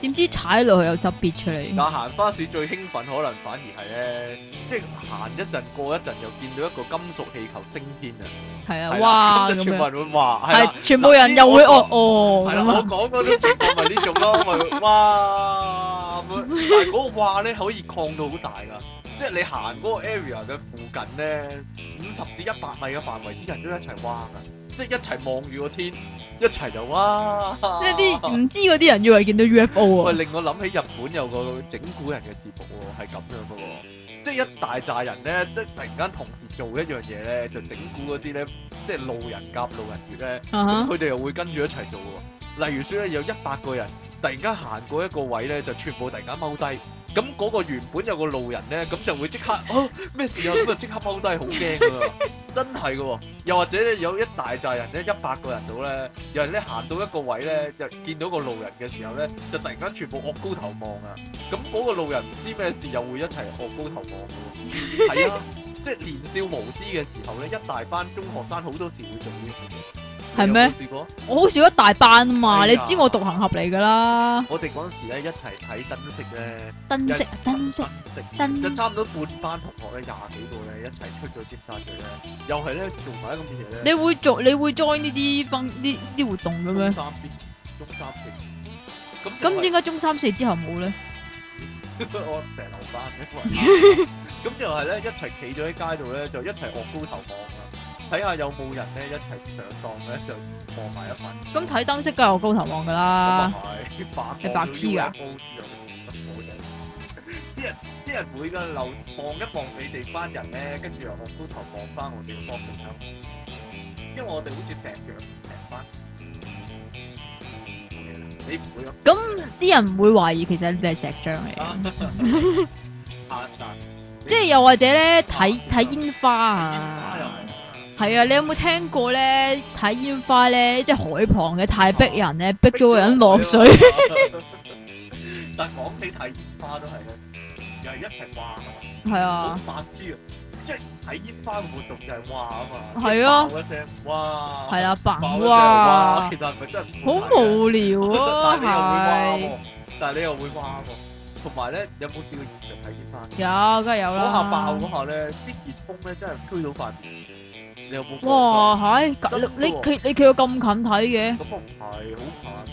點知踩落去有執別出嚟？但行花市最興奮可能反而係咧，即係行一陣過一陣又見到一個金屬氣球升天啊！係啊，哇咁樣。全部人又會哦哦。係啦，我講嗰啲節目咪呢種咯，咪哇！但係嗰個哇咧可以擴到好大噶。即係你行嗰個 area 嘅附近咧，五十至一百米嘅範圍，啲人都一齊望啊！即係一齊望住個天，一齊就哇！即係啲唔知嗰啲人以為見到 UFO 啊！令我諗起日本有個整蠱人嘅節目喎，係咁樣噶喎，即係一大扎人咧，即係突然間同時做一樣嘢咧，就整蠱嗰啲咧，即係路人甲路人乙咧，咁佢哋又會跟住一齊做喎。例如說咧，有一百個人。突然間行過一個位咧，就全部突然間踎低。咁嗰個原本有個路人咧，咁就會即刻哦，咩事啊？啊咁啊即刻踎低，好驚㗎。 [laughs] 真係㗎喎，又或者咧有一大扎人咧，一百個人度咧，又係咧行到一個位咧，就見到個路人嘅時候咧，就突然間全部昂高頭望啊。咁嗰個路人唔知咩事，又會一齊昂高頭望㗎喎。係啊，即 [laughs] 係年少無知嘅時候咧，一大班中學生好多時會做呢啲嘢。係咩？我好少一大班啊嘛，你知我獨行俠嚟噶啦。我哋嗰陣時咧一齊睇燈飾咧，燈飾啊燈飾，燈。即係差唔多半班同學咧，廿幾個咧一齊出咗尖沙咀啦，又係咧做埋一個乜嘢咧？你會做你會 join 呢啲 fun 呢啲活動嘅咩？三 B，中三 B。咁咁點解中三四之後冇咧？我成流班嘅，咁就係咧一齊企咗喺街度咧，就一齊惡高頭望啊！睇下有冇人咧一齊上當咧，就放埋一份。咁睇燈飾梗係我高頭望噶啦。白 UFO，你白痴噶、啊。啲人啲人每個樓望一望你哋班人咧，跟住又我高頭望翻我哋個方向，因為我哋好似石像平班。你唔會咁。咁啲人唔會懷疑其實你係石像嚟嘅。 [laughs] [laughs] 即係又或者咧睇睇煙花啊。 [laughs] 係啊，你有冇聽過咧睇煙花咧？即係海旁嘅太逼人咧，逼咗個人落水，啊啊。但講起睇煙花都係咧，又係一齊嘩啊嘛。係啊，好白痴啊！即係睇煙花嘅活動就係嘩啊嘛。係啊，爆一聲，哇！係啦，爆啊！其實係咪真係好無聊啊？但係你又會哇？同埋咧，啊、有冇試過現場睇煙花？有，梗係有啦！嗰下爆嗰下咧，啲熱風咧真係吹到塊面。哇，係咁你佢你佢到咁近睇嘅？唔係，好怕，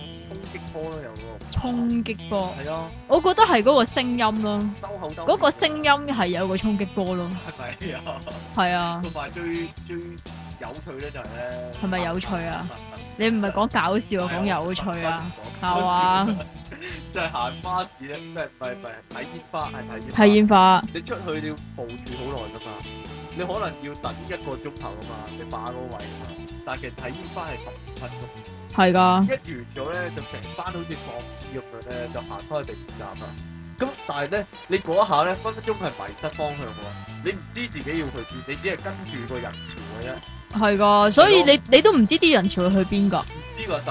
衝擊波咯，有個。衝擊波係啊，我覺得係嗰個聲音咯，嗰個聲音係有個衝擊波咯。係咪啊？係啊。最最有趣咧就係咧，係咪有趣啊？你唔係講搞笑啊，講有趣啊，係啊？即係行花市咧，咩拜拜睇煙花，係睇煙花。睇煙花，你出去你要抱住好耐噶嘛？你可能要等一個鐘頭啊嘛，你霸嗰位啊嘛，但係其實睇煙花係十五分鐘，係㗎。一完咗咧，就成班好似放屁咁樣咧，就行開第二站啦。咁但係咧，你嗰下咧分分鐘係迷失方向喎，你唔知道自己要去邊，你只係跟住個人潮嘅啫。係噶，所以你，嗯、你都唔知啲人潮去邊噶，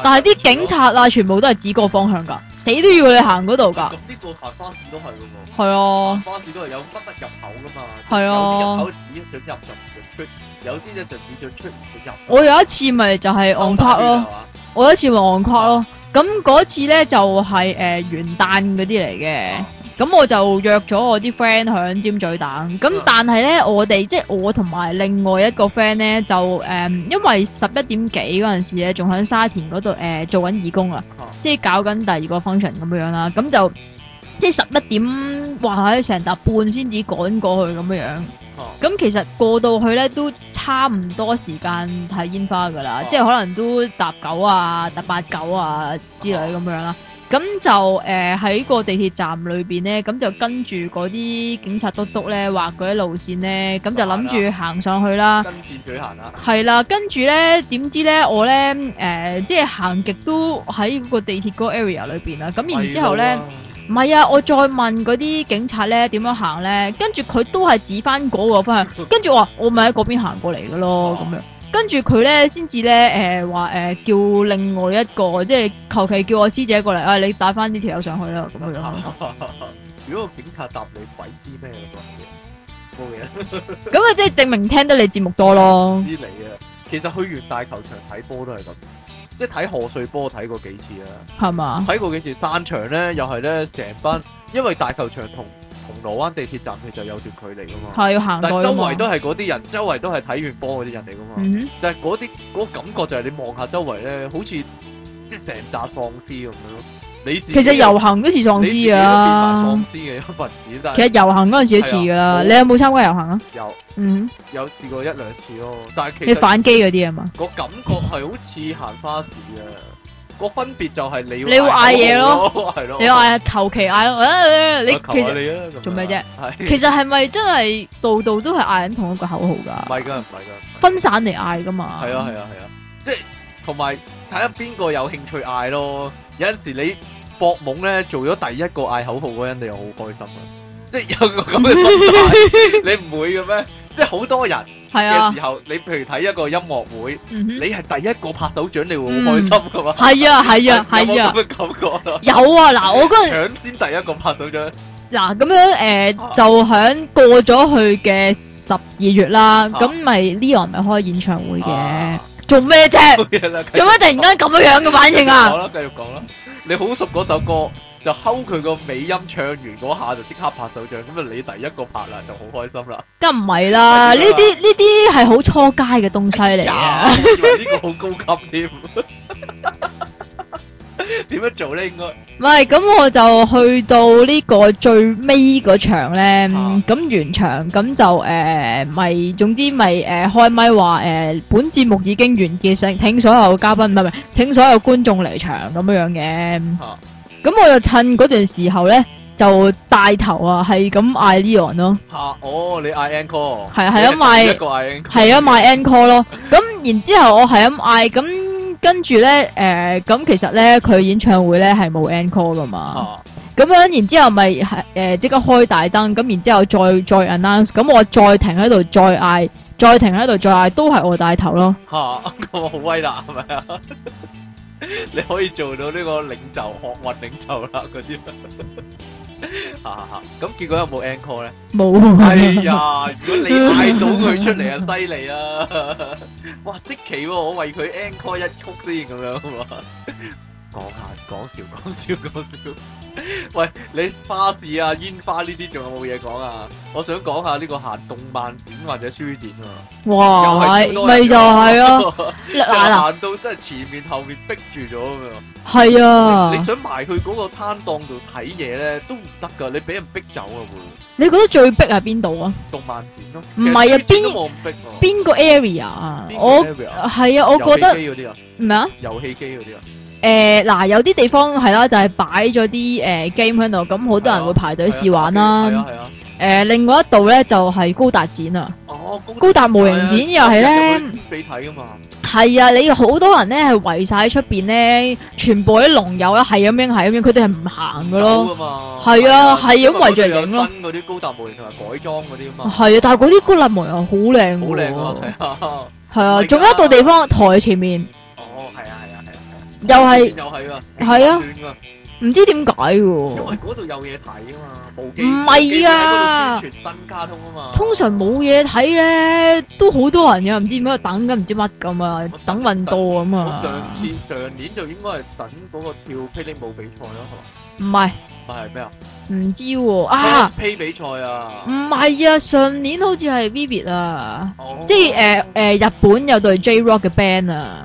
但係啲警察啊，嗯，全部都係指個方向噶，死都要你行嗰度噶咁呢個巴士都係喎。係啊，巴士都係有乜乜，嗯、入口噶嘛。係啊，有啲入口指著入就唔出，有啲就指著出就唔入。我有一次咪就係暗拍咯，我有一次咪暗拍咯。咁嗰次咧就係、是、誒、呃、元旦嗰啲嚟嘅。啊咁我就約咗我啲 friend 響尖嘴等，咁但係咧，我哋即係我同埋另外一個 friend 咧，就誒、嗯，因為十一點幾嗰陣時咧，仲響沙田嗰度誒做緊義工啊，即係搞緊第二個 function 咁樣啦，咁就即係十一點，話喺成搭半先至趕過去咁樣，咁、啊、其實過到去咧都差唔多時間睇煙花噶啦，啊，即係可能都搭九啊、搭八九啊之類咁樣啦。啊咁就誒喺、呃、個地鐵站裏面咧，咁就跟住嗰啲警察督督咧，話嗰啲路線咧，咁就諗住行上去啦。跟住佢行啦。係啦，跟住咧點知咧我咧、呃、即係行極都喺個地鐵嗰 area 裏面啦。咁然之後咧，唔係啊，我再問嗰啲警察咧點樣行咧，跟住佢都係指翻嗰個方向， [laughs] 跟住話我咪喺嗰邊行過嚟嘅咯咁、哦跟住佢咧，先至咧，誒話誒叫另外一個，即係求其叫我師姐過嚟，啊、哎、你帶翻啲條友上去啦，咁樣就。 [laughs] 如果個警察答你鬼知咩咁嘅嘢，冇嘢。咁啊，即 [laughs] 係證明聽得你節目多咯。知你啊，其實去完大球場睇波都係咁，即係睇賀歲波睇過幾次啦。係嘛？睇過幾次？散場咧又係咧成班，因為大球場同。銅鑼灣地鐵站其實有段距離噶嘛，係，但係周圍都係嗰啲人，周圍都係睇完波嗰啲人嚟噶嘛。嗯、但係嗰啲嗰感覺就係你望下周圍咧，好似即係成扎喪屍咁樣咯。其實遊行都似喪屍啊，喪屍嘅一份子但！其實遊行嗰陣時都似啦、啊，你有冇參加遊行啊？有，嗯、有試過一兩次咯。但係其實你反擊嗰啲係嘛？個感覺係好似行花市啊！個分別就係你你會嗌嘢咯，係咯，你嗌啊求其嗌，誒，你其實做咩啫？其實係咪真係度度都係嗌緊同一個口號噶？唔係噶，唔係噶，分散嚟嗌噶嘛。係啊，係啊，係啊，即係同埋睇下邊個有興趣嗌咯。有陣時你搏懵咧做咗第一個嗌口號嗰陣，你又好開心啊！即係有個咁嘅心態，你唔會嘅咩？即係好多人。係啊，有時候你譬如睇一個音樂會，嗯、你係第一個拍到獎，你會好開心噶嘛？係、嗯、啊，係啊，係啊，是啊有有，有啊，嗱，我嗰搶先第一個拍到獎。嗱，咁樣誒、呃啊，就響過咗去嘅十二月啦，咁、啊、咪 Leon 咪開演唱會嘅。啊做咩啫？做乜突然間咁樣樣嘅反應啊？好啦，繼續講啦。你好熟嗰首歌，就摳佢個尾音，唱完嗰下就即刻拍手掌。咁啊，你第一個拍啦，就好開心啦。梗唔係啦，呢啲呢啲係好初階嘅東西嚟啊。呢個好高級添。點樣做咧？應該唔係咁，我就去到呢個最尾嗰場咧，咁完場咁就誒，咪總之咪誒開咪話誒，本節目已經完結，請請所有嘉賓唔係唔係，請所有觀眾離場咁樣樣嘅。咁我就趁嗰段時候咧，就帶頭啊，係咁嗌 Leon 咯。吓，哦，你嗌 encore？係係啊，嗌係啊，嗌 encore 咯。咁然之後我係咁嗌咁。跟住呢，誒，咁其實呢，佢演唱會呢係冇 encore 噶嘛。哦。咁樣，然之後咪，誒，即刻開大燈，咁然之後再再 announce，咁我再停喺度再嗌，再停喺度再嗌，都係我帶頭咯。吓，咁我好威啦，係咪啊？你可以做到呢個領袖，學運領袖啦，嗰啲。吓 [laughs] 咁、啊啊啊啊、結果有冇 encore 咧？冇。哎呀， [laughs] 如果你帶到佢出嚟啊，犀利啦！哇，積淇喎奇、啊！我為佢 encore 一曲先咁樣。啊講下講笑、講笑、講笑，喂，你花市啊，煙花呢啲仲有冇嘢講啊？我想講下呢個行動漫展或者書展啊。哇，又係咪就係啊？行到真係前面後面逼住咗啊嘛。係啊，你想埋去嗰個攤檔度睇嘢咧，都唔得噶，你俾人逼走啊會。你覺得最逼係邊度啊？動漫展咯，唔係啊，邊、邊個 area 啊？我係啊，我覺得咩啊？遊戲機嗰啲啊。誒、呃，嗱有啲地方係啦，就係擺咗啲誒 game 喺度，咁、嗯、好多人會排隊試、啊、玩啦。係啊誒、啊啊呃，另外一度咧就係、是、高達展啊。哦，高達模型展又係咧。俾睇噶嘛。係啊，你好多人咧係圍晒喺出邊咧，全部啲龍友啦，係咁樣，樣，係咁樣，佢哋係唔行噶咯。係啊嘛。係啊，係咁圍住嚟影咯。嗰啲、啊、高達模型同埋改裝嗰啲啊嘛。係、哦、啊，但係嗰啲高達模型好靚。好靚啊。係啊。係啊，仲、啊啊啊、有一度地方 [laughs] 台前面。又係，又係啊，係啊，唔知點解喎？因為嗰度有嘢睇啊嘛。唔係啊，嗰度上緊全新卡通啊嘛。通常冇嘢睇咧，都好多人嘅，唔知喺度等緊，唔知乜咁啊，等運動咁啊。上次上年就應該係等嗰個跳霹靂舞比賽咯，係嘛？唔係，唔係咩啊？唔知喎啊！霹比賽啊？唔係啊，上年好似係 Vivian 啊，即係誒誒，日本有對 J Rock 嘅 band 啊。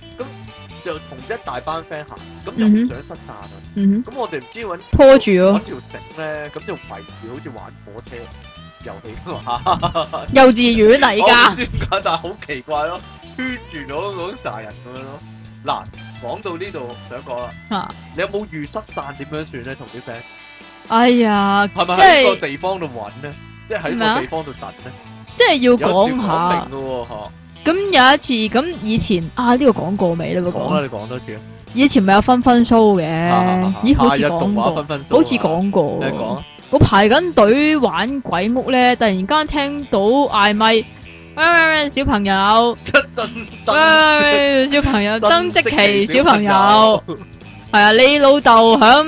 咁就同一大班 friend 行，咁又想失散啊？咁、嗯、我哋唔知搵拖住 [laughs] 咯，搵條繩咧，咁就圍住好似玩火車遊戲咁啊！幼稚園嚟㗎點解？但係好奇怪咯，圈住我嗰種殺人咁樣咯。嗱，講到呢度想講啦，你有冇遇失散點樣算咧？同啲 friend？哎呀，係咪喺個地方度搵咧？即係喺個地方度等咧？即係要講下。有咁有一次，咁以前啊呢個講過未咧？講啦，你講多次。以前咪有分分數嘅，咦好似講過，好似講過。你講，我排緊隊玩鬼屋咧，突然間聽到嗌咪，小朋友出陣，小朋友曾積淇小朋友，係啊，你老豆響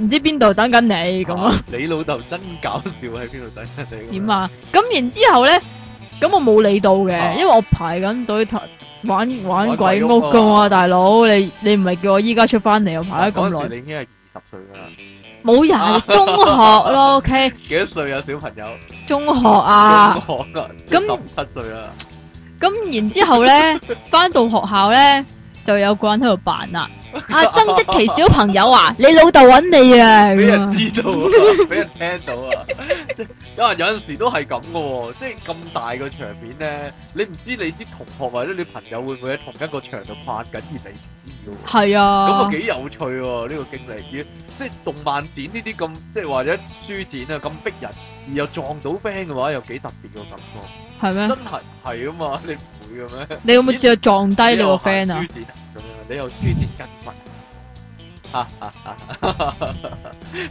唔知邊度等緊你咁啊？你老豆真搞笑，喺邊度等緊你？點啊？咁然之後咧？咁我冇理到嘅，因為我排緊隊玩玩鬼屋噶嘛，大佬，你你唔係叫我依家出翻嚟，我排咗咁耐。嗰時你已經係二十歲啦，冇呀，中學咯，OK。幾多歲啊，小朋友？中學啊，中學啊？十七歲啦。咁然之後咧，翻到學校咧，就有個人喺度扮啦。阿、啊、曾積淇小朋友啊， [laughs] 你老豆揾你啊！俾人知道啊，俾 [laughs] 人聽到啊，因為有陣時都係咁噶，即係咁大個場面咧，你唔知你啲同學或者你朋友會唔會喺同一個場度拍緊，而你唔知噶。係啊，咁啊幾有趣喎，啊！呢、呢個經歷，即、就、係、是、動漫展呢啲咁，即係或者書展啊咁逼人，而又撞到 friend 嘅話，又幾特別個、啊、感覺。係咩？真係係啊嘛，你。 [laughs] 你有冇只撞低你個 friend 啊？書展咁樣，你又書展筋骨，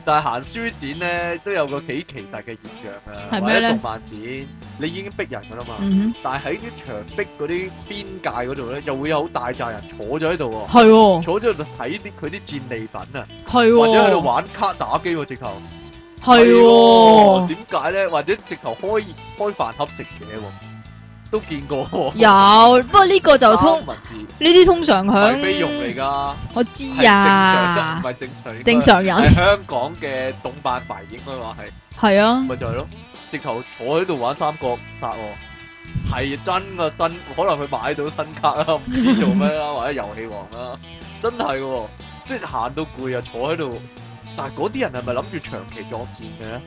但係行書展咧， [laughs] [laughs] 都有個幾奇特嘅現象啊，係咪？或者動漫展，你已經逼人噶啦嘛。嗯、但係喺啲牆壁嗰啲邊界嗰度咧，又會有好大扎人坐咗喺度喎。係、哦、坐咗喺度睇啲佢啲戰利品啊。係、哦、或者喺度玩卡打機、啊、直頭。係喎。點解咧？或者直頭開開飯盒食嘢喎？都見過，有不過呢個就通呢啲通常響咩用嚟㗎，我知啊，正常人唔係正常，正常人香港嘅動漫牌應該話係，係啊，咪就係咯，直頭坐喺度玩三國殺喎，係真個新，可能佢買到新卡啊，唔知做咩啦，或者遊戲王啦，真係，即係行到攰啊坐喺度，但係嗰啲人係咪諗住長期作戰嘅咧？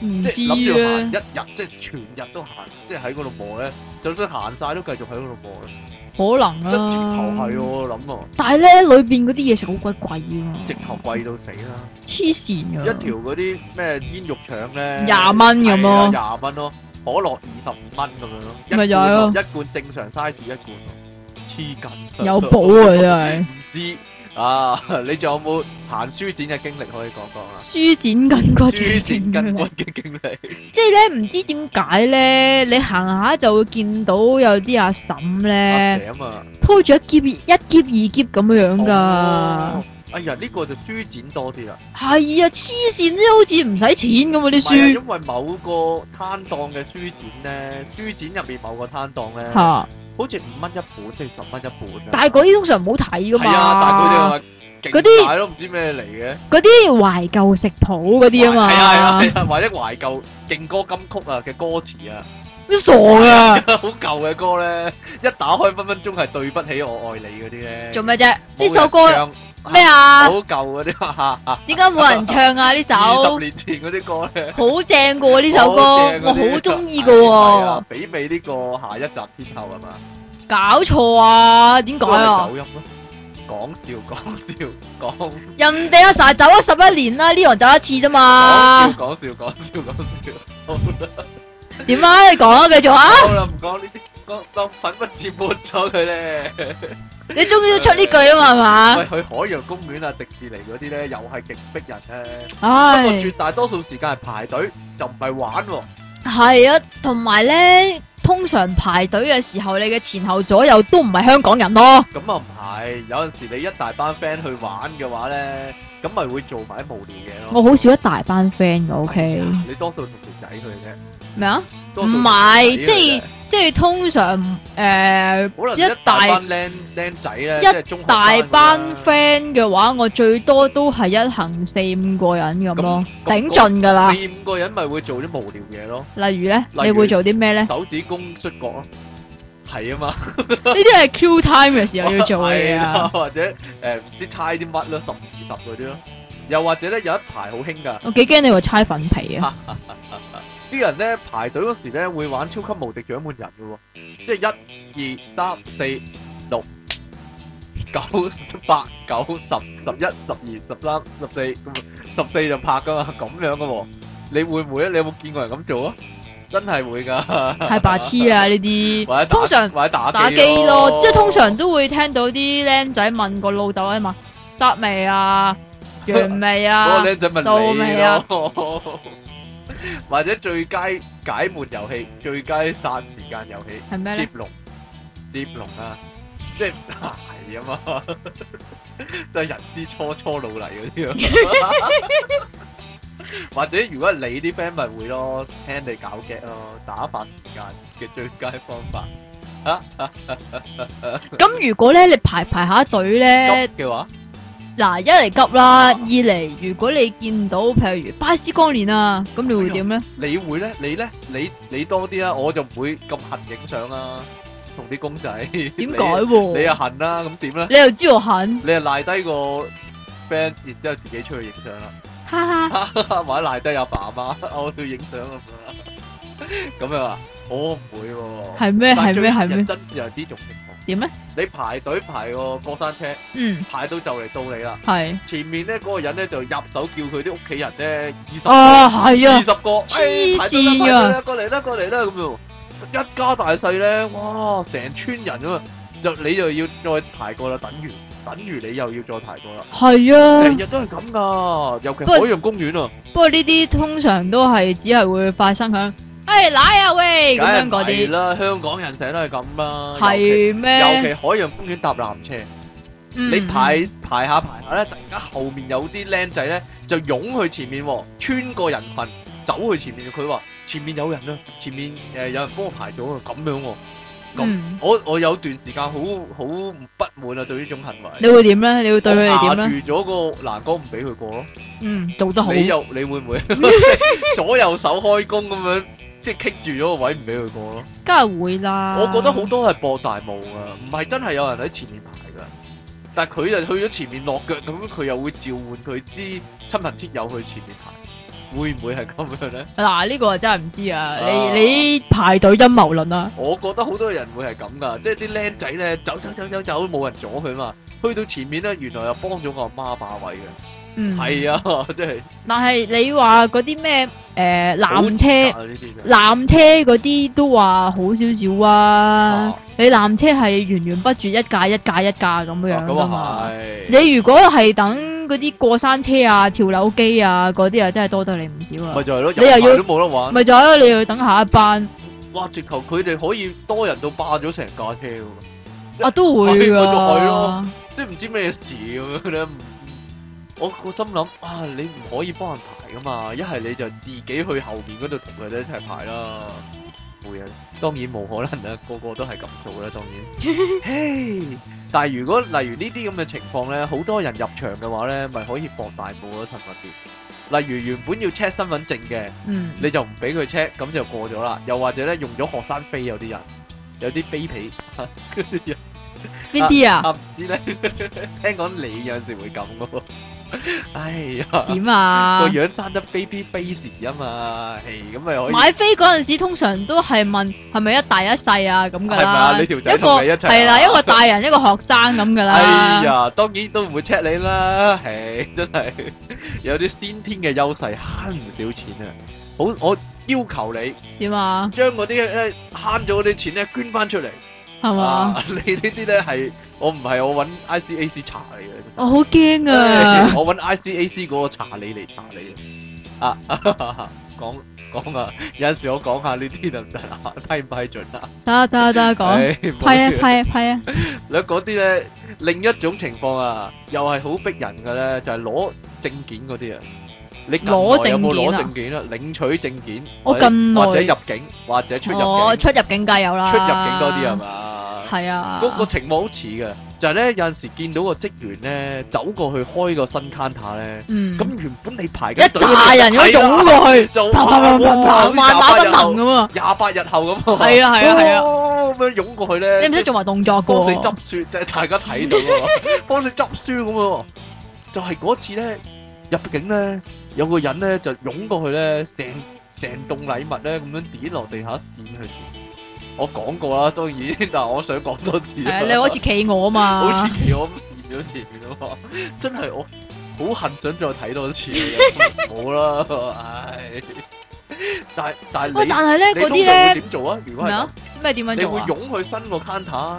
唔知咧、啊，一日即係全日都行，即係喺嗰度播咧，就算行晒都繼續喺嗰度播，咧，可能啊，直頭，係我諗啊，啊，啊，但係咧裏邊嗰啲嘢食好鬼貴啊，直頭貴到死啦，黐線嘅，一條嗰啲咩煙肉腸咧，廿蚊咁咯，廿蚊咯，可樂二十五蚊咁樣，咪就係咯，一罐正常 size 一罐，黐緊，有補啊，真係，唔知。啊！你仲有冇行書展嘅經歷可以講講啊？書展咁嗰書展咁嘅經歷，即係咧唔知點解咧，你行下就會見到有啲阿嬸咧、啊、拖住一篋、一篋、二篋咁樣樣噶。哎呀，呢、這個就書展多啲啦。係啊，黐線啫，好似唔使錢咁嗰啲書、啊。因為某個攤檔嘅書展咧，書展入面某個攤檔咧。 [laughs] 好似五蚊一本，即係十蚊一本啦，但係嗰啲通常唔好睇噶嘛，嗰啲係咯，唔知咩嚟嘅，嗰啲懷舊食譜嗰啲啊嘛，或者懷舊勁歌金曲啊嘅歌詞啊，啲傻噶，好舊嘅歌咧，一打開分分鐘係對不起我愛你嗰啲咧，做咩啫？呢首歌。咩啊？好舊嗰啲，點解冇人唱啊？呢首十年前嗰啲歌咧，好正喎，呢首歌，啊、我好中意噶。比美呢個下一集之後係嘛？搞錯啊？點解啊？走音咯，講笑講笑講。人哋阿 Sir 走咗十一年啦，呢樣走一次啫嘛。講笑講笑講笑，笑。好啦，點解你講啊，繼、啊、續啊。好啦，唔講呢啲。當品不接撥咗佢咧，你終於都出呢句啊嘛，係嘛？去海洋公園啊、迪士尼嗰啲咧，又係極逼人咧。唉，不過絕大多數時間係排隊，就唔係玩。係啊，同埋咧，通常排隊嘅時候，你嘅前後左右都唔係香港人咯。咁又唔係，有陣時你一大班 friend 去玩嘅話咧，咁咪會做埋啲無聊嘢咯。我好少一大班 friend 嘅，OK。你多數同條仔去嘅咩啊？唔係，即係。即係通常誒，一大班僆僆仔咧，一大班 friend 嘅話，我最多都係一行四五個人咁咯，頂盡噶啦。四五個人咪會做啲無聊嘢咯，例如咧，你會做啲咩咧？手指公出國咯，係啊嘛，呢啲係 Q time 嘅時候要做嘅嘢，或者誒，唔知猜啲乜咯，十二十嗰啲咯，又或者咧，有一排好興噶，我幾驚你話猜粉皮啊。啲人咧排隊嗰時咧會玩超級無敵獎門人噶喎、哦，即係一、二、三、四、六、九、八、九、十、十一、十二、十三、十四，咁十四就拍噶嘛，咁樣噶喎、哦。你會唔會啊？你有冇見過人咁做啊？真係會噶，係白痴啊呢啲。通常或者打打機咯，即係通常都會聽到啲僆仔問個老豆啊嘛，得未啊？完未啊？到、 [laughs] 哦、未啊？ [laughs] 或者最佳解悶遊戲，最佳散時間遊戲係咩？接龍，接龍啊，即係排啊嘛，即 [laughs] 係 [laughs] 人之初初努嚟嗰啲咯。 [laughs] [laughs] 或者如果你啲 friend 咪會咯，聽你搞嘅咯，打發時間嘅最佳方法。咁 [laughs] 如果咧你排排下隊咧，嘅話？嗱，一嚟急啦，二嚟如果你見到譬如巴斯光年啊，咁你會點咧？你會咧？你咧？你你多啲啦，我就唔會咁恨影相啦，同啲公仔。點解？你又恨啦？咁點咧？你又知道恨？你又賴低個 friend，然之後自己出去影相啦。哈哈，或者賴低阿爸阿媽，我都影相啊嘛。咁樣啊？我唔會。係咩？係咩？係咩？點咧？你排隊排個過山車，嗯，排到就嚟到你啦。係前面咧，嗰個人咧就入手叫佢啲屋企人咧二十個，啊，二十個，黐線啊！過嚟啦，過嚟啦，咁樣一家大細咧，哇，成村人啊，就你又要再排過啦，等於等於你又要再排過啦。係啊，成日都係咁噶，尤其海洋公園啊。不過呢啲通常都係只係會發生響。哎，嗱呀喂，香港啲梗係啦，香港人成日都係咁啦，係咩？尤其海洋公園搭纜車，你排排下排下咧，突然間後面有啲僆仔咧就湧去前面，穿過人群走去前面，佢話前面有人啊，前面誒有人幫我排咗啊，咁樣。嗯，我我有段時間好好不滿啊，對呢種行為。你會點咧？你會對佢點咧？住咗個欄杆唔俾佢過咯。嗯，做得好。你又你會唔會左右手開弓咁樣？即係棘住咗個位唔俾佢過咯，梗係會啦。我覺得好多係博大霧啊，唔係真係有人喺前面排噶。但係佢就去咗前面落腳，咁佢又會召喚佢啲親朋戚友去前面排，會唔會係咁樣咧？嗱，呢個真係唔知啊！你你排隊陰謀論啊？我覺得好多人會係咁噶，即係啲僆仔咧走走走走走，冇人阻佢嘛。去到前面咧，原來又幫咗我阿媽霸位嘅。嗯，係啊，真係。但係你話嗰啲咩誒纜車，纜車嗰啲都話好少少啊。啊，你纜車係源源不絕一架一架一架咁樣樣噶嘛、啊、你如果係等嗰啲過山車啊、跳樓機啊嗰啲啊，那些真係多得你唔少啊。咪就係咯，你又要都冇得玩。咪就係咯，你要等下一班。哇、啊！直頭佢哋可以多人到霸咗成架車噶、啊、嘛？啊，都會噶、啊。即係唔知咩事咁、啊、樣我個心諗啊，你唔可以幫人排噶嘛，一係你就自己去後邊嗰度同佢哋一齊排啦。冇嘢，當然冇可能啊，個個都係咁做啦，當然。嘿，但係如果例如呢啲咁嘅情況咧，好多人入場嘅話咧，咪可以博大霧咯，陳伯杰。例如原本要 check 身份證嘅，你就唔俾佢 check，咁就過咗啦。又或者咧，用咗學生飛有啲人，有啲卑鄙。邊啲啊？唔知啦。聽講你有時會咁噶。哎呀，點啊？個樣生得 baby face 啊嘛，咁咪可以買飛嗰陣時通常都係問係咪一大一細啊咁噶啦，你條仔一個係、啊、啦、啊，一個大人一個學生咁噶啦。哎呀，當然都唔會 check 你啦，係真係有啲先天嘅優勢，慳唔少錢啊！好，我要求你點啊？將嗰啲咧慳咗嗰啲錢咧捐翻出嚟。係嘛？ [laughs] 你呢啲咧係我唔係我揾 ICAC 查你嘅，我好驚 [laughs] 啊！我揾 ICAC 嗰個查你嚟查你啊！講講啊，有陣時我講下呢啲得唔得啊？批唔批准啊？得得得，講係啊係啊係啊！你講啲咧，另一種情況啊，又係好逼人嘅咧，就係、是、攞證件嗰啲啊。你攞證件啊？領取證件，我近來或者入境或者出入，我出入境梗係有啦，出入境多啲係嘛？係啊，嗰個情況好似嘅，就係咧有陣時見到個職員咧走過去開個新 counter 咧，咁原本你排緊一紮人如果湧過去，哇！就萬馬奔騰咁廿八日後咁，係啊係啊係啊，咁樣湧過去咧，你唔使做埋動作嘅，幫你執書即係大家睇到喎，幫你執書咁，就係嗰次咧。入境咧，有個人咧就湧過去咧，成成棟禮物咧咁樣跌落地下，跌去。我講過啦，當然，但係我想講多次。誒，你好似企鵝啊嘛，好似企鵝現咗前面啊嘛，真係我好恨想再睇多次。好啦，唉，但係但係你，你會點做啊？如果係咩點樣做啊？會湧去新個 counter，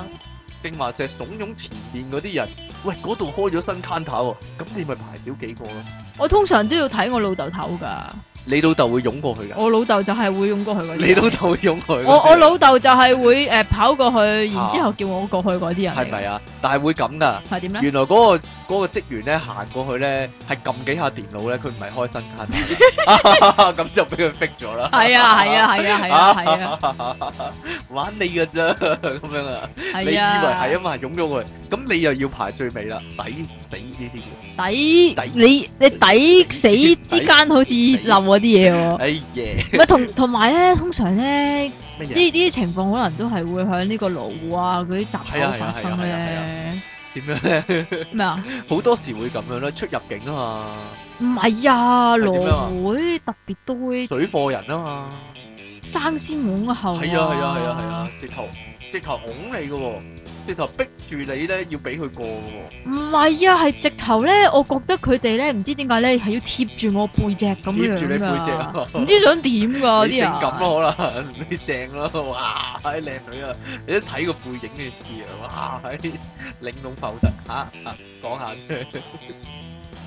定係慫恿前面嗰啲人？喂，嗰度開咗新 counter 喎，咁你咪排少幾個咯？我通常都要睇我老豆頭㗎。你老豆會湧過去噶？我老豆就係會湧過去嗰啲。你老豆會湧去？我我老豆就係會誒跑過去，然之後叫我過去嗰啲人。係咪啊？但係會咁噶？係點咧？原來嗰個嗰個職員咧行過去咧，係撳幾下電腦咧，佢唔係開新卡，咁就俾佢逼咗啦。係啊係啊係啊係啊係啊！玩你噶咋咁樣啊？你以為係啊嘛？湧湧去，咁你又要排最尾啦，抵死呢啲嘢。抵你你抵死之間，好似劉。嗰啲嘢喎，咪同同埋咧，通常咧，呢啲情況可能都係會喺呢個羅湖啊嗰啲集體發生咧。點樣咧？咩啊？好多時會咁樣咯，出入境啊嘛。唔係啊，羅湖特別多水貨人啊嘛，爭先恐後啊嘛。係啊係啊係啊係啊，直頭。直頭拱你噶，直頭逼住你咧要俾佢過噶。唔係啊，係直頭咧，我覺得佢哋咧唔知點解咧，係要貼住我背脊咁樣噶。貼住你背脊。唔 [laughs] 知想點噶？啲 [laughs] 性感好啦， [laughs] 你正咯， [laughs] 哇！啲靚女啊，你一睇個背影嘅時候，哇！啲玲瓏浮凸吓，講、啊啊、下 [laughs]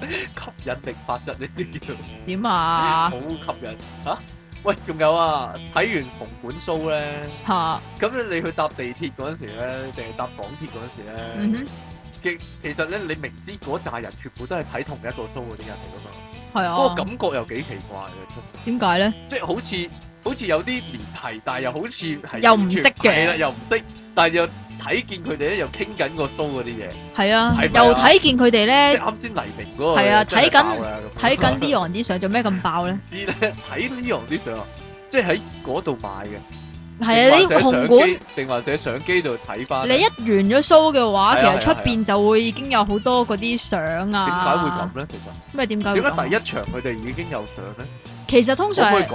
吸引力法則呢啲叫點啊？好 [laughs] 吸引啊！喂，仲有啊！睇完紅館 show 咧，吓，咁你去搭地鐵嗰陣時咧，定係搭港鐵嗰陣時呢？嗯、哼其其實咧你明知嗰扎人全部都係睇同一個 show 嗰啲人嚟噶嘛，係啊、哦，嗰個感覺又幾奇怪嘅出，點解咧？即係好似好似有啲聯繫，但係又好似係又唔識嘅，又唔識，但係又。睇見佢哋咧，又傾緊個 show 嗰啲嘢。係啊，又睇見佢哋咧，啱先黎明嗰個係啊，睇緊睇緊 Leon 啲相做咩咁爆咧？知咧，睇 Leon 啲相，即係喺嗰度買嘅，係啊，或者紅館，定或者相機度睇翻。你一完咗 show 嘅話，其實出邊就會已經有好多嗰啲相啊。點解會咁咧？其實，咩點解？點解第一場佢哋已經有相咧？其實通常咧，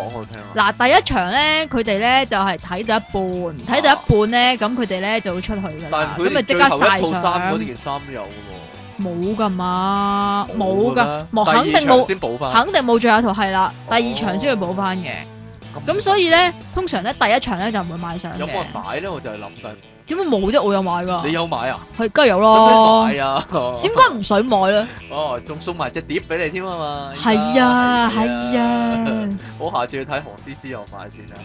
嗱第一場咧，佢哋咧就係睇到一半，睇到一半咧，咁佢哋咧就會出去噶啦，咁咪即刻曬衫。件衫都有喎。冇噶嘛，冇噶，冇，肯定冇，肯定冇最後一套，係啦，第二場先會補翻嘅。咁所以咧，通常咧第一場咧就唔會買上嘅。有冇人擺咧，我就係諗緊。點解冇啫？我有買噶，你有買啊？係，梗係有啦。點解唔想買咧、啊？ [laughs] 哦，仲送埋隻碟俾你添啊嘛。係啊，係啊，啊，啊。我下次去睇何思思又快先啊！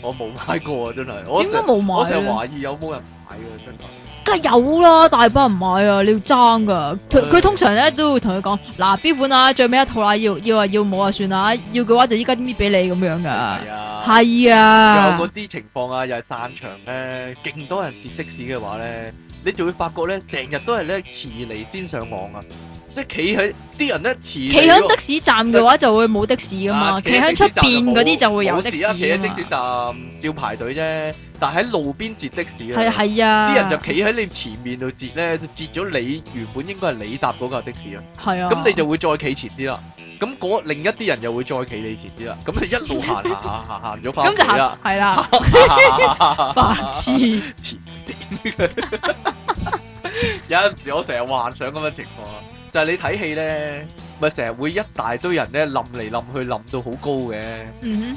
我冇買過啊，真係。點解冇買？我成懷疑有冇人買嘅，真係。梗有啦，大把人不買啊！你要爭噶，佢、嗯、佢通常咧都會同佢講嗱，標本啊，最尾一套啦、啊，要要，要，算要話要冇啊，算啦，要嘅話就依家搣俾你咁樣噶，係啊，係啊。有嗰啲情況啊，又係散場咧，勁多人接的士嘅話咧，你就會發覺咧，成日都係咧遲嚟先上網啊，即係企喺啲人咧遲。企喺的，的士站嘅話就會冇的士噶嘛，企喺出邊嗰啲就會有的士事啊。企喺的士站照排隊啫。但喺路邊截的士啊，係啊，啲人就企喺你前面度截咧，就截咗你原本應該係你搭嗰架的士啊。係啊，咁你就會再企前啲啦。咁另一啲人又會再企你前啲啦。咁你一路行行行行行咗翻咁就係啦，啊、 [laughs] [laughs] 白痴癡！ [laughs] [laughs] 有陣時我成日幻想咁嘅情況。就係你睇戲咧，咪成日會一大堆人咧冧嚟冧去，冧到好高嘅。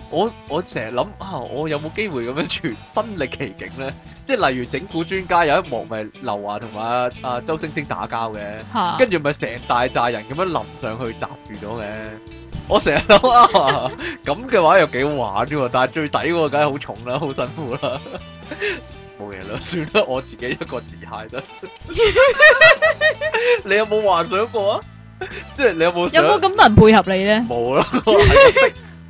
我我成日諗啊，我有冇機會咁樣全身力奇景咧？即係例如整蠱專家有一幕咪劉華同埋阿阿周星星打交嘅，跟住咪成大扎人咁樣冧上去閘住咗嘅。我成日諗啊，咁嘅話又幾好玩喎，但係最底嗰個，梗係好重啦，好辛苦啦。冇嘢啦，算啦我自己一個自嗨啦。你有冇幻想過啊？即係你有冇有冇咁多人配合你咧？冇咯，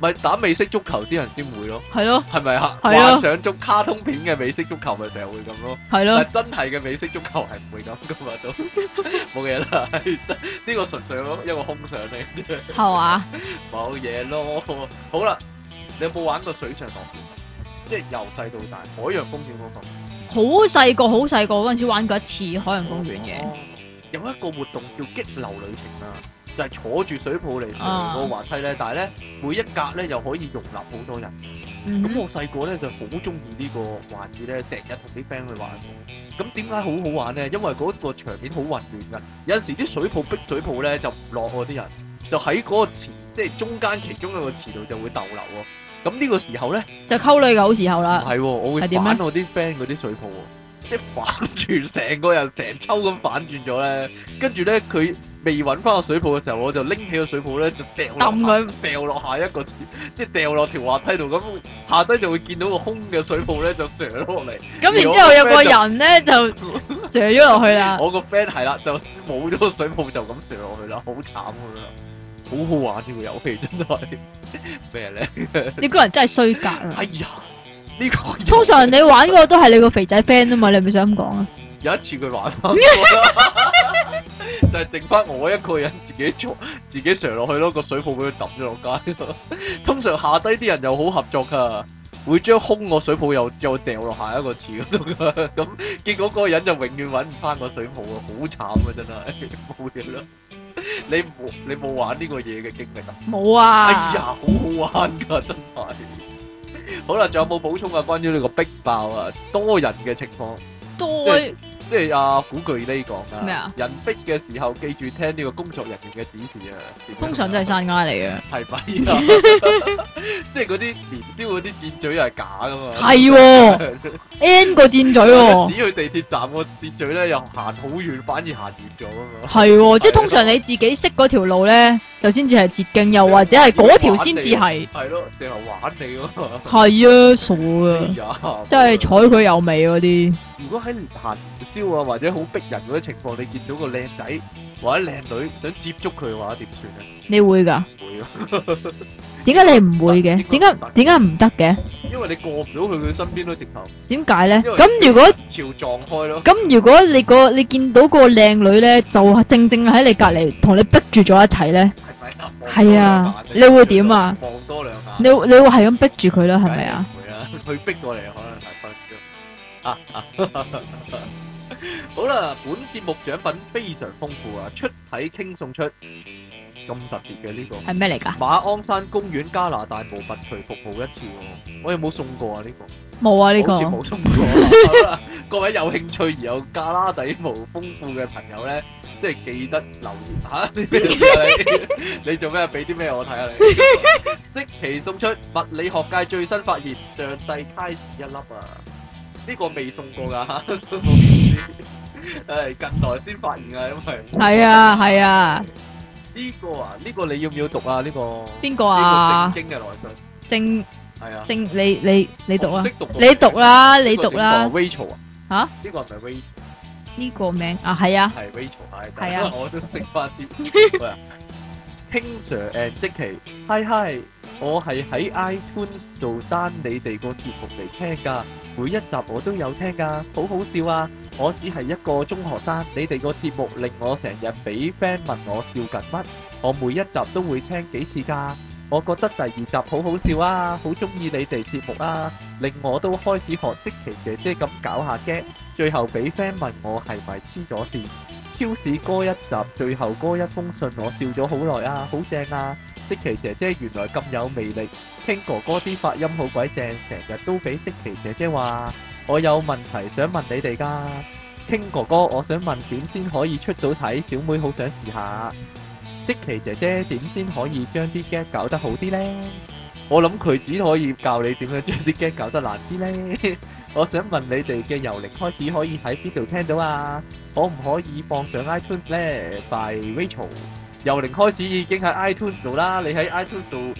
唔係打美式足球啲人先會咯。係咯，係咪啊？係啊，幻想足卡通片嘅美式足球咪成日會咁咯？係咯，真係嘅美式足球係唔會咁噶嘛都。冇嘢啦，呢個純粹咯一個空想嚟啫。係啊，冇嘢咯。好啦，你有冇玩過水上樂園？即係由細到大，海洋公園嗰好細個，好細個嗰陣時玩過一次海洋公園嘅，oh. 有一個活動叫激流旅程啦，就係坐住水泡嚟上嗰個滑梯咧，但係咧每一格咧又可以容納好多人，咁、mm -hmm. 我細個咧就好中意呢個玩意咧，成日同啲 friend 去玩，咁點解好好玩咧？因為嗰個場面好混亂噶，有陣時啲水泡逼水泡咧就唔落去啲人，就喺嗰個池，即係中間其中一個池度就會逗留喎。咁呢個時候咧，就溝女嘅好時候啦。唔係、哦，我會反我啲 friend 嗰啲水泡，即係反轉成個人成抽咁反轉咗咧。跟住咧，佢未揾翻個水泡嘅時候，我就拎起個水泡咧就掉，抌佢，掉落下一個，即係掉落條滑梯度咁，下低就會見到個空嘅水泡咧就射落嚟。咁 [laughs] 然之後有個人咧就射咗落去啦。我個 friend 係啦，就冇咗個水泡就咁射落去啦，好慘㗎啦。好好玩呢個遊戲，真係咩咧？你個人真係衰格！哎呀，呢、呢個通常你玩個都係你個肥仔 friend 啊嘛， [laughs] 你係咪想咁講啊？有一次佢玩， [laughs] [laughs] 就係剩翻我一個人自己坐，自己射落去咯，個水泡，俾佢抌咗落街。通常下低啲人又好合作噶，啊，會將空個水泡又又掉落下一個池咁，咁 [laughs] 結果個人就永遠搵唔翻個水泡啊，好慘啊真係，冇嘢咯。 [laughs] [laughs] 你冇你冇玩呢個嘢嘅經歷啊？冇啊！哎呀，好好玩㗎，真係。 [laughs] 好啦，仲有冇補充啊？關於呢個迫爆啊，多人嘅情況，就是、多人。即係阿、啊、古巨基講啊，人逼嘅時候記住聽呢個工作人員嘅指示啊。通常都係山街嚟嘅，係咪？ [laughs] [laughs] 即係嗰啲連招嗰啲箭嘴又係假噶嘛？係、哦、N 個箭嘴哦。只 [laughs] 要去地鐵站個箭嘴咧，又行好遠，反而行遠咗啊嘛。係、哦哦哦、即係通常你自己識嗰條路咧，就先至係捷徑，又或者係嗰條先至係。係咯，成日玩你咯、啊。係、哦、啊， [laughs] 啊，傻啊， [laughs] 真係睬佢有味嗰啲。如果喺行宵啊，或者好逼人嗰啲情況，你見到個靚仔或者靚女想接觸佢嘅話，點算咧？你會噶？會咯。點解你唔會嘅？點解點解唔得嘅？因為你過唔到去佢身邊都直頭。點解咧？咁如果朝撞開咯。咁如果你個你見到個靚女咧，就正正喺你隔籬同你逼住咗一齊咧，係咪？係啊，你會點啊？望多兩下。你你會係咁逼住佢啦，係咪啊？會啊，佢逼過嚟可能係。啊啊！好啦，本節目獎品非常豐富啊，出體 King 送出咁特別嘅，呢個係咩嚟噶？馬鞍山公園加拿大毛拔除服務一次喎，我有冇送過啊呢個？冇啊呢個，好似冇送過啦。各位有興趣而又胳肋底毛豐富嘅朋友咧，即係記得留言吓。你做咩俾啲咩我睇吓？即期送出物理學界最新發現，上帝粒子一粒啊！呢個未送過噶誒，近來先發現啊，因為係啊，係啊，呢個啊，呢個你要唔要讀啊？呢個邊個啊？正經嘅來信，正係啊，正你你你讀啊，你讀啦，你讀啦，Rachel 啊，吓？呢個唔係 Rachel，呢個名啊，係啊，係 Rachel 啊，係啊，我都識翻啲啊，通常誒即其 hi hi，我係喺 iPhone 做單你哋個節目嚟聽噶。每一集我都有聽噶，啊，好好笑啊！我只係一個中學生，你哋個節目令我成日俾 friend 問我笑緊乜，我每一集都會聽幾次噶。我覺得第二集好好笑啊，好中意你哋節目啊，令我都開始學積淇姐姐咁搞下嘅。最後俾 friend 問我係咪黐咗線，超市嗰一集最後嗰一封信我笑咗好耐啊，好正啊！積淇姐姐原來咁有魅力，King 哥哥啲發音好鬼正，成日都俾積淇姐姐話我有問題想問你哋噶，King 哥哥我想問點先可以出到體，小妹好想試下，積淇姐姐點先可以將啲 gag 搞得好啲咧？我諗佢只可以教你點樣將啲 gag 搞得難啲咧。我想問你哋嘅由零開始可以喺邊度聽到啊？可唔可以放上 iTunes 咧？By Rachel。由零開始已經喺 iTunes 度啦，你喺 iTunes 度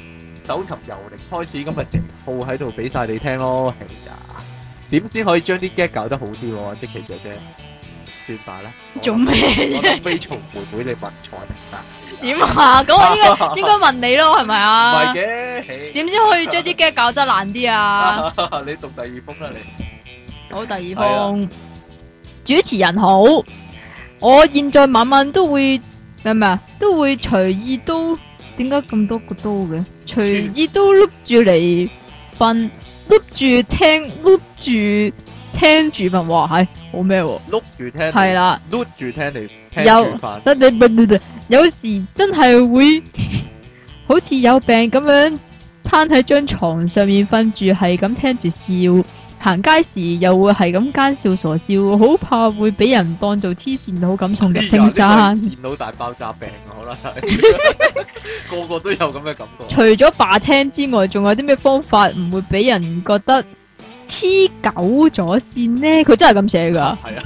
搜尋由零開始咁咪成套喺度俾晒你聽咯，係啊，點先可以將啲 get 搞得好啲？即積淇姐姐，算罷啦。做咩嘢？非從妹妹你問錯啊？點啊？咁我應該應該問你咯，係咪啊？唔係嘅。點先可以將啲 get 搞得難啲啊？你讀第二封啦，你。好，第二封。主持人好，我現在晚晚都會。係咪啊？都會隨意都點解咁多個刀嘅？隨意都碌住嚟瞓，碌、係。住聽，碌住聽住瞓話係好咩、啊？碌住聽係啦，碌住聽你聽住瞓。有ノノノノノノ有時真係會 [laughs] 好似有病咁樣，攤喺張床上面瞓住，係咁聽住笑。行街時又會係咁奸笑傻笑，好怕會俾人當做黐線佬咁送入青山。電腦大爆炸病，好啦， [laughs] 個個都有咁嘅感覺。除咗霸聽之外，仲有啲咩方法唔會俾人覺得黐九咗線呢？佢真係咁寫噶。係啊，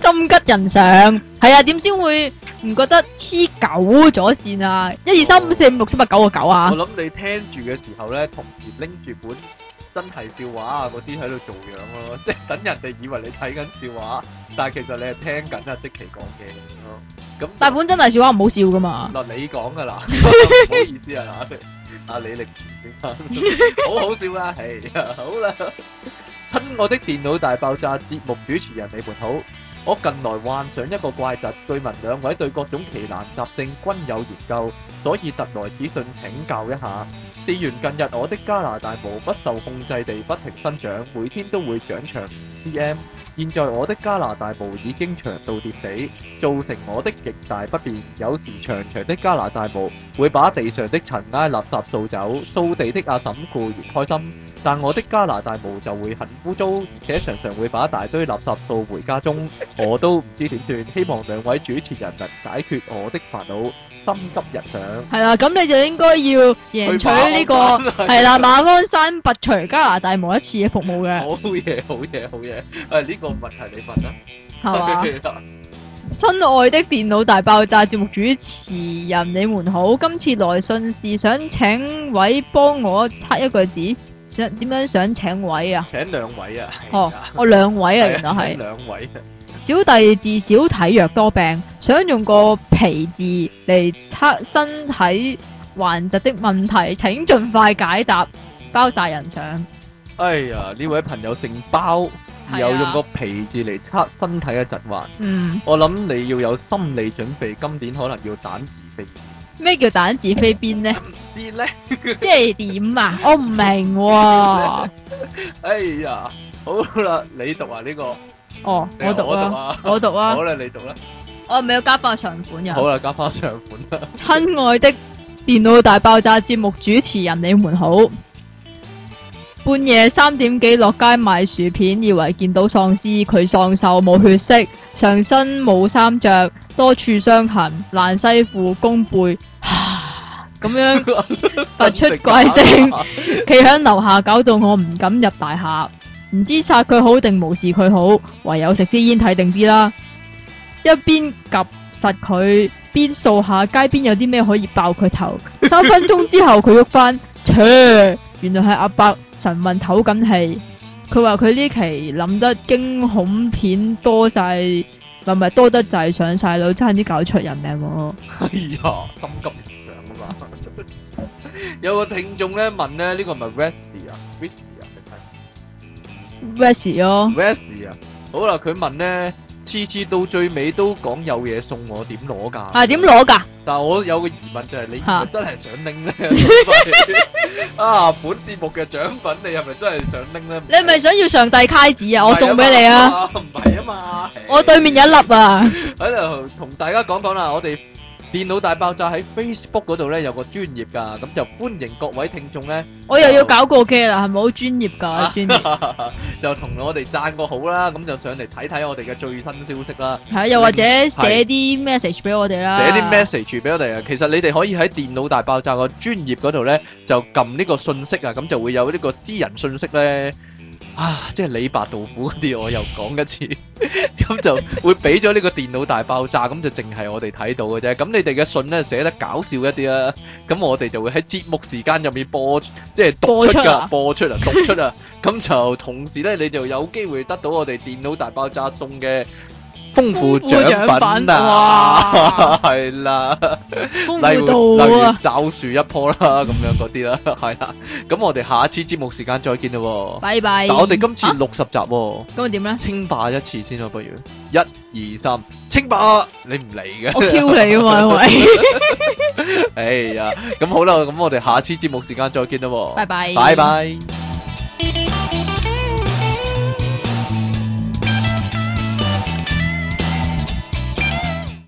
心、啊、 [laughs] [laughs] 吉人上，係啊，點先會唔覺得黐九咗線啊？一二三五四五六七八九個九啊！我諗你聽住嘅時候咧，同時拎住本，真係笑話啊，嗰啲喺度做樣咯，即係等人哋以為你睇緊笑話，但係其實你係聽緊阿積淇講嘢咯。咁大本真係笑話唔好笑噶嘛。嗱，你講噶啦，唔好意思啊，阿力，阿李力杰，好好笑啦，哎呀，好啦。親愛的電腦大爆炸節目主持人，你們好。我近來患上一個怪疾，據聞兩位對各種奇難雜症均有研究，所以特來此信請教一下。事緣近日我的加拿大毛不受控制地不停生長，每天都會長長。5cm。現在我的加拿大毛已經長到跌死，造成我的極大不便。有時長長的加拿大毛會把地上的塵埃垃圾掃走，掃地的阿嬸固然開心。但我的加拿大毛就會很污糟，而且常常會把大堆垃圾倒回家中，我都唔知點算。希望兩位主持人能解決我的煩惱，心急日上係啦。咁你就應該要贏取呢、這個係啦，馬鞍山拔除加拿大毛一次嘅服務嘅好嘢，好嘢，好嘢。誒，呢、啊這個問題你問啦，係嘛？親 [laughs] 愛的電腦大爆炸節目主持人，你們好。今次來信是想請位幫我測一個字。想點樣？想請位啊？請兩位啊！哦，我兩、啊哦、位啊，原來係兩、啊、位、啊。小弟自小體弱多病，想用個皮字嚟測身體患疾的問題，請盡快解答。包大人上！哎呀，呢位朋友姓包，又用個皮字嚟測身體嘅疾患。嗯、啊，我諗你要有心理準備，今年可能要暫時病。咩叫彈子飛邊呢？唔知咧，即係點啊？我唔明、啊。 [laughs] 哎呀，好啦，你讀啊呢、這個。哦，我讀啊，我讀啊，讀啊 [laughs] 好啦，你讀啦、啊。我係咪要加翻長款嘅。好啦，加翻長款。親親愛的電腦大爆炸節目主持人，你們好。半夜三點幾落街買薯片，以為見到喪屍。佢喪瘦冇血色，上身冇衫着，多處傷痕，爛西褲弓背，咁樣發出怪聲，企喺樓下搞到我唔敢入大廈。唔知殺佢好定無視佢好，唯有食支煙睇定啲啦。一邊夾實佢，邊掃下街邊有啲咩可以爆佢頭。 [laughs] 三分鐘之後佢喐翻，切， [laughs] 原來係阿伯。神魂唞緊氣，佢話佢呢期諗得驚恐片多曬，唔係唔係多得滯，上曬腦，差啲搞出人命喎。哎呀，心急上啊嘛！有個聽眾咧問咧，呢個係咪 Westie 啊？Westie 啊？Westie 咯？Westie 啊！好啦，佢問咧。次次到最尾都講有嘢送我，點攞㗎？係點攞㗎？但係我有個疑問就係你真係想拎咧？啊，本節目嘅獎品你係咪真係想拎咧？你係咪想要上帝戒指啊？我送俾你啊？啊，唔係啊嘛！我對面有一粒啊！喺度同大家講講啦，我哋。電腦大爆炸喺 Facebook 嗰度呢，有個專頁噶，咁就歡迎各位聽眾呢。我又要搞個 K 啦，係咪好專業噶？專 [laughs] 專業 [laughs] 就同我哋讚個好啦，咁就上嚟睇睇我哋嘅最新消息啦。係又或者寫啲 message 俾我哋啦。寫啲 message 俾我哋啊！其實你哋可以喺電腦大爆炸個專業嗰度呢，就撳呢個信息啊，咁就會有呢個私人信息呢。啊！即係李白、杜甫嗰啲，我又講一次，咁 [laughs] [laughs] 就會俾咗呢個電腦大爆炸，咁就淨係我哋睇到嘅啫。咁你哋嘅信呢，寫得搞笑一啲啦，啊，咁我哋就會喺節目時間入面播，即係讀出啊，播出啊，播出啊，讀出啊。咁 [laughs] 就同時呢，你就有機會得到我哋電腦大爆炸送嘅。豐富獎品啊，係啦，例如例如棗樹一棵啦，咁樣嗰啲啦，係啦。咁我哋下次節目時間再見啦，拜拜。但係我哋今次六十集，咁點咧？清霸一次先咯，不如。一二三，清霸，你唔嚟嘅，我 Q 你啊嘛，喂！哎呀，咁好啦，咁我哋下次節目時間再見啦，拜拜，拜拜。